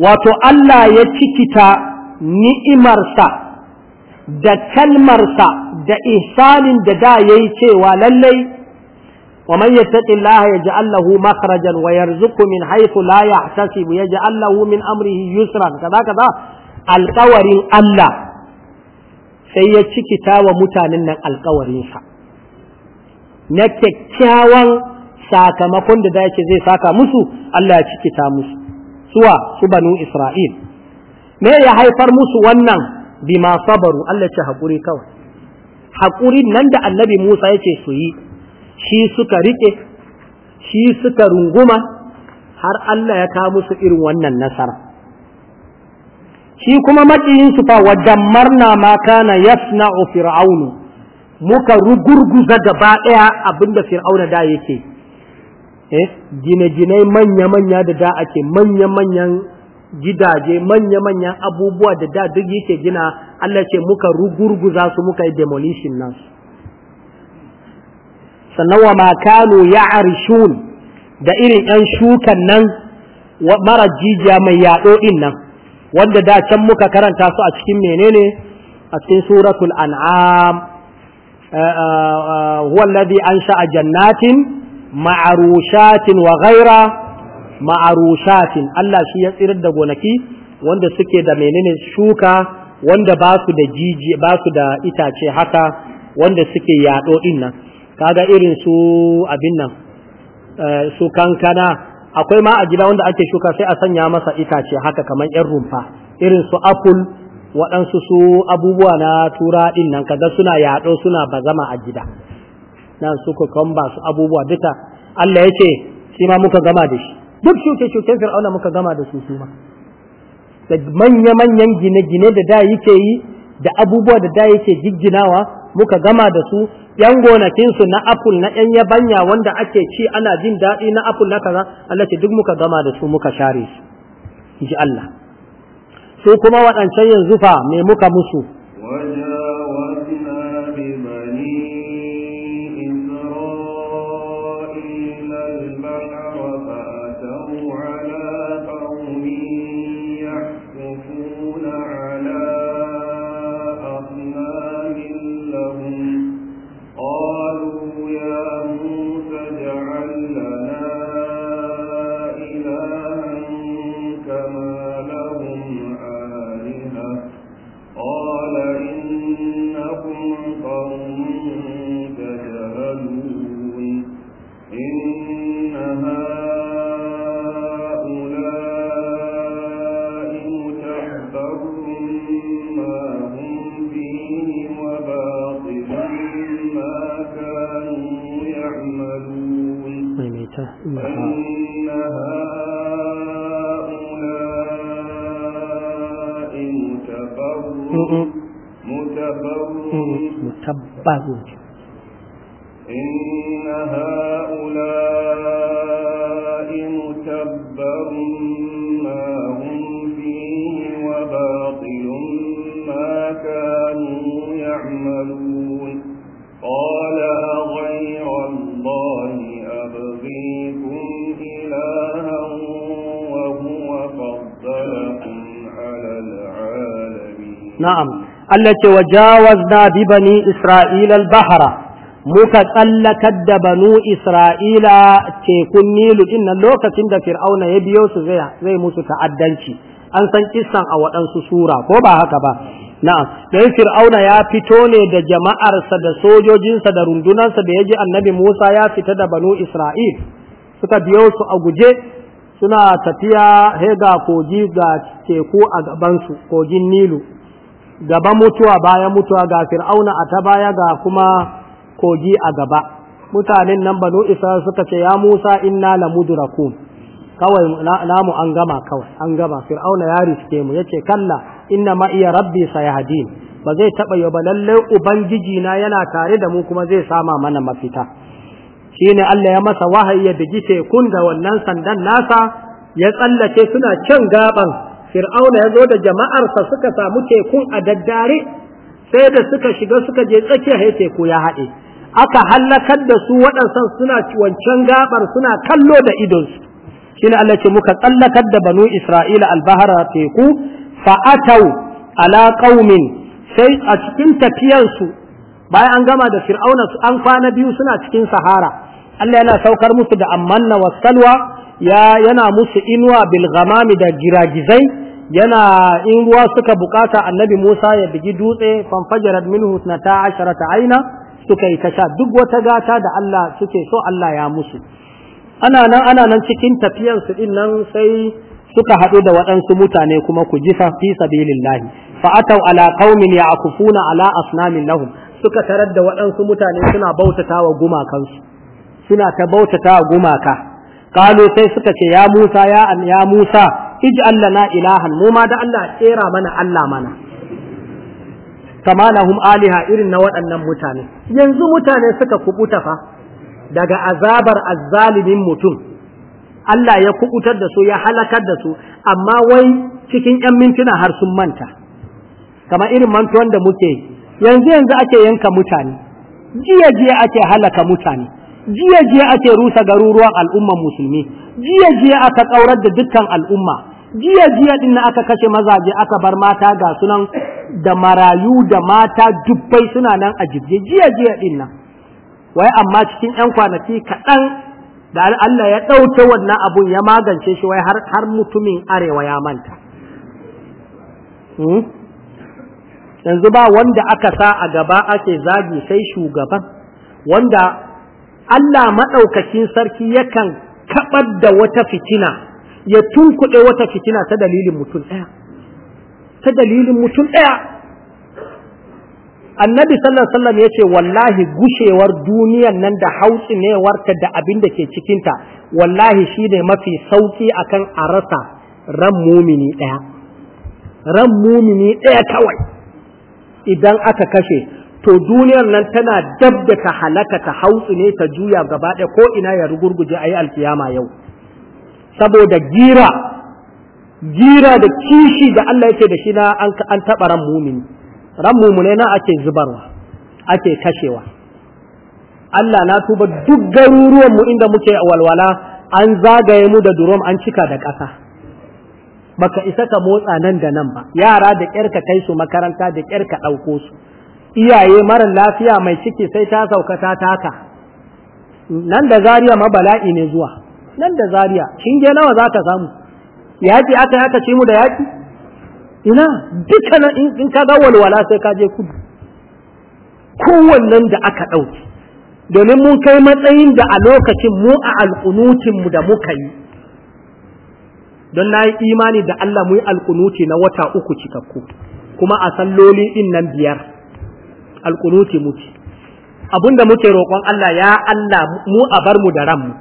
wato Allah ya cikita ni'imarsa da kalmarsa da ihsanin da da ya yi cewa lallai ومن يتق الله يجعل له مخرجا ويرزقه من حيث لا يحتسب يجعل له من امره يسرا كذا كذا alkawarin Allah sai ya cikita wa mutanen nan alkawarinsa na kyakkyawan sakamakon da dace zai saka musu Allah ya cikita musu suwa su banu Isra'il me ya haifar musu wannan bima sabaru Allah ce haƙuri kawai Haƙurin nan da annabi Musa ya ce su yi shi suka riƙe, shi suka runguma har Allah ya kawo musu irin wannan nasara shi kuma maƙiyin su fa wadammarna ma kana yasna'u fir'aunu muka rugurguza gaba ɗaya abinda fir'auna da yake eh gine gine manya-manya da da ake manya-manyan gidaje manya-manyan abubuwa da da duk yake gina Allah ce muka rugurguza su muka yi demolition nasu sannan wa makano ya arishun da irin yan shukan nan mara jijiya mai yaɗo ɗin nan wanda da can muka karanta su a cikin menene a cikin suratul an'am huwa sha a jannatin ma'arushatin wa ghaira ma'arushatin Allah shi ya tsirar da gonaki wanda suke da menene shuka wanda ba su da jijiya ba su da itace haka wanda suke yaɗo ɗin nan kaga irin su abin nan eh, su kankana akwai ma a gida wanda ake shuka sai a sanya masa itace haka kamar yan rumfa irin su apple waɗansu su abubuwa na tura ɗin nan kaga suna yaɗo suna bazama a gida nan su cucumber su abubuwa duka Allah ya ce shi ma muka gama da shi duk shuke shuke fir'auna muka gama da su su ma da manya-manyan gine-gine da da yake yi da abubuwa da da yake jijjinawa muka gama da su yan gonakinsu na apple na yan yabanya wanda ake ci ana jin daɗi na apple na kaza Allah ce duk muka gama da su muka share su inji Allah su kuma waɗancan yanzu fa me muka musu الطاغوت إن هؤلاء متبر ما هم فيه وباطل ما كانوا يعملون قال أغير الله أبغيكم إلها وهو فضلكم على العالمين نعم Allah ce wa na bi bani Isra'ila al-bahra muka tsallakar da banu Isra'ila tekun Nilu dinnan lokacin da Fir'auna ya biyo su zai musu ta'addanci an san kisan a waɗansu sura ko ba haka ba na'am dan Fir'auna ya fito ne da jama'arsa da sojojinsa da rundunarsa da ya ji Annabi Musa ya fita da banu Isra'il suka biyo su a guje suna tafiya hega kogi ga teku a gabansu kogin Nilu gaba mutuwa bayan mutuwa ga fir'auna a ta baya ga kuma kogi a gaba mutanen nan banu isa suka ce ya musa inna la mudrakum kawai namu an gama kawai an gama fir'auna ya riske mu yace kalla inna ma iya rabbi sayahdin ba zai taba yaba lalle ubangiji na yana tare da mu kuma zai sama mana mafita shine Allah ya masa wahayi ya bigi tekun da wannan sandan nasa ya tsallake suna cin gaban fir'auna ya zo da jama'arsa suka samu tekun a daddare sai da suka shiga suka je tsakiya ya teku ya haɗe aka hallakar da su waɗansan suna wancan gabar suna kallo da idonsu shi ne Allah ce muka tsallakar da banu Isra'ila albahara teku fa'atau ala qaumin sai a cikin tafiyansu bayan an gama da fir'auna su an kwana biyu suna cikin sahara Allah yana saukar musu da amanna wasalwa ya yana musu inuwa bilgamami da giragizai yana in ruwa suka bukata annabi Musa ya bigi dutse fanfajarat minhu ta asharata aina suka yi tasha duk wata gata da Allah suke so Allah ya musu ana nan ana nan cikin tafiyan su din nan sai suka haɗu da waɗansu mutane kuma ku ji fi sabilillahi fa ataw ala qaumin ya'kufuna ala asnamin lahum suka tarar da waɗansu mutane suna bautatawa gumakansu suna ta bautatawa gumaka qalu sai suka ce ya Musa ya ya Musa ij'al lana ilahan mu ma da Allah tsera mana Allah mana kama lahum aliha irin na waɗannan mutane yanzu mutane suka kubuta fa daga azabar azzalimin mutum Allah ya kubutar da su ya halakar da su amma wai cikin yan mintuna har sun manta kama irin mantuwan da muke yanzu yanzu ake yanka mutane jiya jiya ake halaka mutane jiya jiya ake rusa garuruwan al'umman musulmi jiya jiya aka kaurar da dukkan al'umma jiya jiya din na aka kashe mazaje aka bar mata ga sunan da marayu da mata dubbai suna nan a jibje jiya jiya din wai amma cikin yan kwanaki kaɗan da Allah ya ɗauke wannan abun ya magance shi wai har mutumin arewa ya manta hmm? yanzu ba wanda aka sa a gaba ake zagi sai shugaban wanda Allah maɗaukakin sarki yakan kaɓar da wata fitina ya tunkuɗe wata fitina ta dalilin mutum ɗaya ta dalilin mutum ɗaya annabi sallallahu alaihi wasallam yace wallahi gushewar duniyan nan da hautsinewarta da abin da ke cikinta wallahi shine mafi sauki akan a rasa ran mumini ɗaya ran mumini ɗaya kawai idan aka kashe to duniyar nan tana dab da ta halaka ta hausu ne ta juya gaba ɗaya ko ina ya rugurguje a yi alkiyama yau saboda gira gira da kishi da Allah yake da shi na an taɓa ran mumini ran mumune na ake zubarwa ake kashewa Allah na tuba duk garuruwan mu inda muke a walwala an zagaye mu da durom an cika da ƙasa baka isa ka motsa nan da nan ba yara da ƙyar ka kai su makaranta da ƙyar ka ɗauko su iyaye marar lafiya mai ciki sai ta sauka ta taka nan da zariya ma ne zuwa nan da zariya shinge nawa za ka samu yaki aka aka ci mu da yaki ina dukkanin in ka ga walwala sai ka je kudu kowannen da aka ɗauki domin mun kai matsayin da a lokacin mu a mu da muka yi don nayi imani da Allah mu yi alƙunuti na wata uku cikakku kuma a salloli in nan biyar alƙunuti muke abinda muke roƙon Allah ya Allah mu a bar mu da ranmu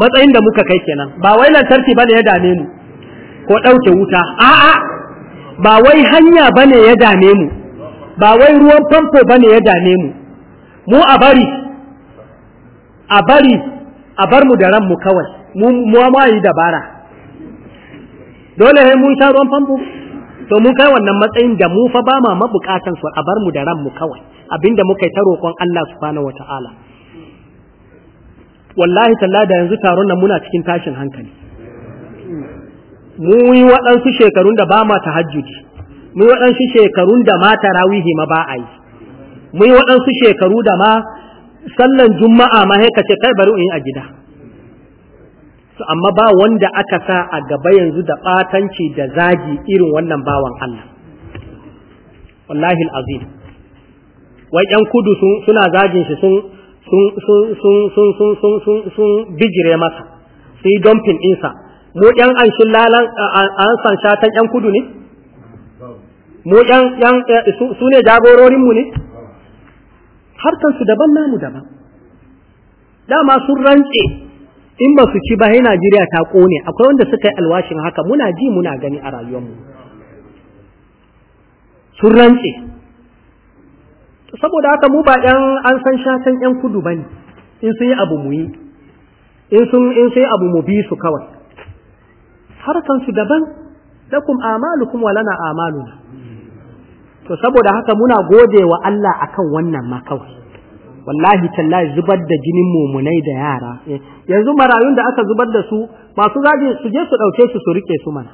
matsayin da muka kai kenan ba wai lantarki bane ya dame mu ko ɗauke wuta a'a ba wai hanya bane ya dame mu ba wai ruwan famfo bane ya dame mu mu a bari a bari a bar mu da ranmu kawai mu ma yi dabara dole mun sha ruwan famfo to mun kai wannan matsayin da mu fa ba ma mabukatan su a bar mu da mu kawai abinda muka yi ta roƙon Allah subhanahu wataala wallahi talla da yanzu taron nan muna cikin tashin hankali mu yi waɗansu shekarun da ba ma tahajjudi mu yi waɗansu shekarun da ma tarawihi ma ba a yi mu yi waɗansu shekaru da ma sallan juma'a ma kai bari in yi a gida to amma ba wanda aka sa a gaba yanzu da batanci da zagi irin wannan bawan Allah wallahi azim wai yan kudu suna zagin shi sun sun sun sun sun sun sun sun bijire masa sai dumping ɗinsa mu yan anshin lalan an san shatan yan kudu ne mu yan yan eh, su ne jagororin mu ne harkan su daban namu daban dama sun rantse in ba su ci ba sai Najeriya ta kone akwai wanda suka yi alwashin haka muna ji muna gani a rayuwarmu sun rantse saboda haka mu ba ɗan an san shatan ƴan kudu ba ne, in sun yi abu mu yi in sun in yi abu mu bi su kawai harkan su daban lakum amalukum wa lana amaluna to saboda haka muna gode wa Allah akan wannan ma kawai wallahi tallahi zubar da jinin mumunai da yara eh, yanzu marayun da aka zubar da su masu zaje su je su ɗauke su su rike su mana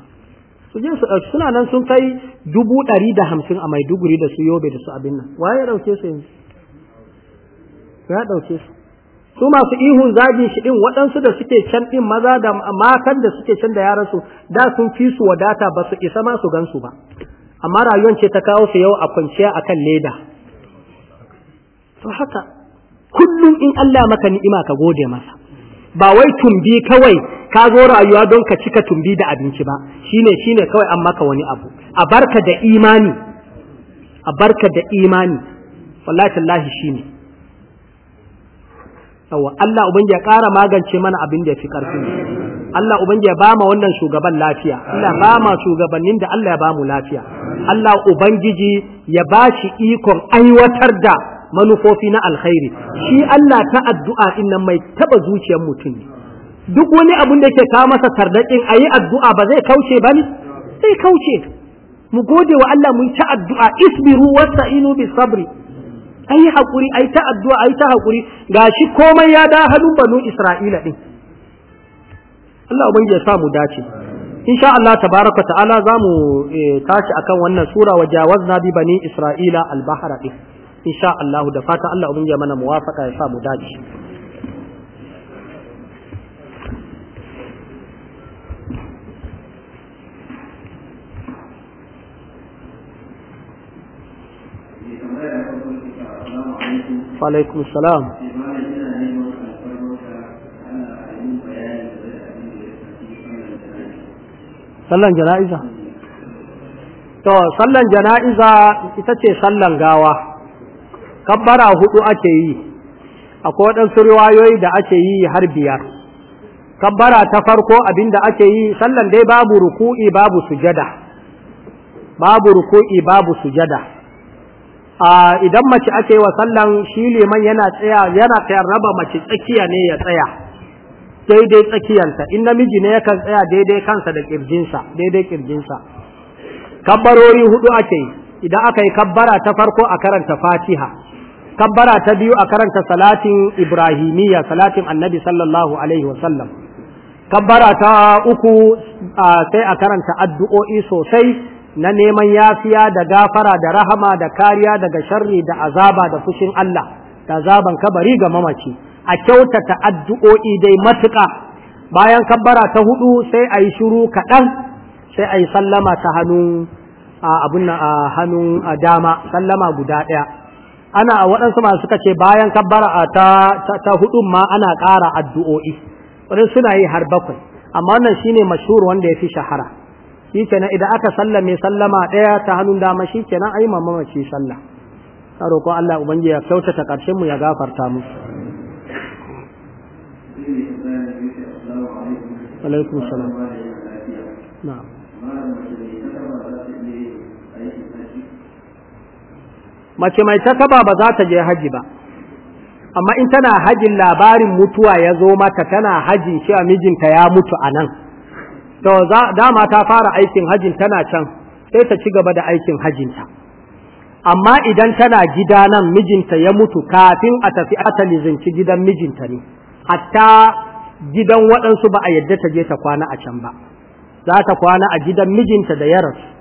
su je su dauke suna nan sun kai dubu dari da hamsin a maiduguri da su yobe da su abin nan waye ya ɗauke su yanzu ya ɗauke su su masu ihun zagi shi ɗin waɗansu da suke can ɗin maza da matan da suke can da yaransu da sun fi su wadata ba su isa ma su gansu ba amma rayuwar ce ta kawo su yau a kwanciya akan leda to haka kullum in Allah maka ni'ima ka gode masa ba wai tumbi kawai ka zo rayuwa don ka cika tumbi da abinci ba shine shine kawai an maka wani abu a barka da imani a barka da imani wallahi tallahi shine yawa Allah ubangi ya kara magance mana abin da ya fi Allah ubangi ya ba ma wannan shugaban lafiya Allah ba ma shugabannin da Allah ya ba mu lafiya Allah ubangiji ya ba shi ikon aiwatar da manufofi na alkhairi shi Allah ta addu'a din nan mai taba zuciyar mutum ne duk wani abun da yake kawo masa tardakin ayi addu'a ba zai kauce ba ne sai kauce mu gode wa Allah mu ta addu'a isbiru wasta'inu bis sabri ayi hakuri ayi ta addu'a ayi ta hakuri gashi komai ya da hannun banu Isra'ila din Allah ubangiji ya sa mu dace insha Allah tabaraka ta'ala zamu eh, tashi akan wannan sura wajawazna bi bani Isra'ila al-bahra din insha Allah da fata Allah ubangiji ya mana muwafaka ya sa mu dace alaikum salam sallan jana'iza to sallan jana'iza ita ce sallan gawa kabbara hudu ake yi akwai waɗansu riwayoyi da ake yi har biyar kabbara ta farko abinda ake yi sallan dai babu ruku'i babu sujada babu ruku'i babu sujada a idan mace ake wa sallan shi liman yana tsaya yana tsayar raba mace tsakiya ne ya tsaya daidai tsakiyarsa in namiji ne yakan tsaya daidai kansa da kirjinsa daidai kirjinsa kabbarori hudu ake yi idan aka yi kabbara ta farko a karanta fatiha kabbara ta biyu a karanta salatin ibrahimiyya salatin annabi sallallahu alaihi wasallam kabbara ta uku sai a karanta addu'o'i sosai na neman yafiya da gafara da rahama da kariya daga sharri da azaba da fushin Allah da azaban kabari ga mamaci a kyautata addu'o'i dai matuƙa bayan kabbara ta hudu sai a yi shiru kaɗan sai a yi sallama ta hannun a hannun dama sallama guda ɗaya ana a waɗansu masu suka ce bayan kabbara ta ta hudun ma ana ƙara addu'o'i wadansu suna yi har bakwai amma wannan shine mashhur wanda ya fi shahara shikenan idan aka sallame sallama ɗaya ta hannun dama shikenan ayi mamama shi sallah ta roƙo Allah ubangiji ya kyautata ƙarshen mu ya gafarta mu mace mai tasaba ba za ta je haji ba amma in tana hajin labarin mutuwa ya zo mata tana hajin shi a mijinta ya mutu a nan to dama ta fara aikin hajin tana can sai ta ci gaba da aikin hajinta amma idan tana gida nan mijinta ya mutu kafin a tafi ata gidan mijinta ne hatta gidan waɗansu ba a yadda ta je ta kwana a can ba za ta kwana a gidan mijinta da ya rasu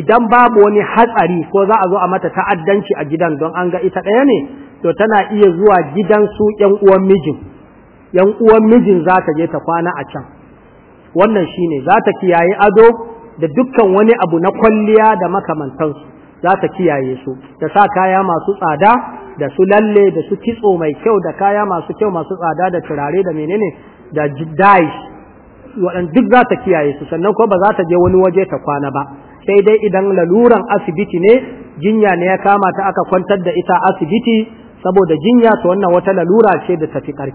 idan babu wani hatsari ko za a zo a mata ta'addanci a gidan don an ga ita ɗaya ne to tana iya zuwa gidan su ƴan uwan mijin ƴan uwan mijin za ta je ta kwana a can wannan shine za ta kiyaye ado da dukkan wani abu na kwalliya da makamantansu za ta kiyaye su da sa kaya masu tsada da su lalle da su kitso mai kyau da kaya masu kyau masu tsada da turare da menene da dai waɗanda duk za ta kiyaye su sannan kuma ba za ta je wani waje ta kwana ba sai dai idan laluran asibiti ne jinya ne ya kama ta aka kwantar da ita asibiti saboda jinya to wannan wata lalura ce da tafi karfi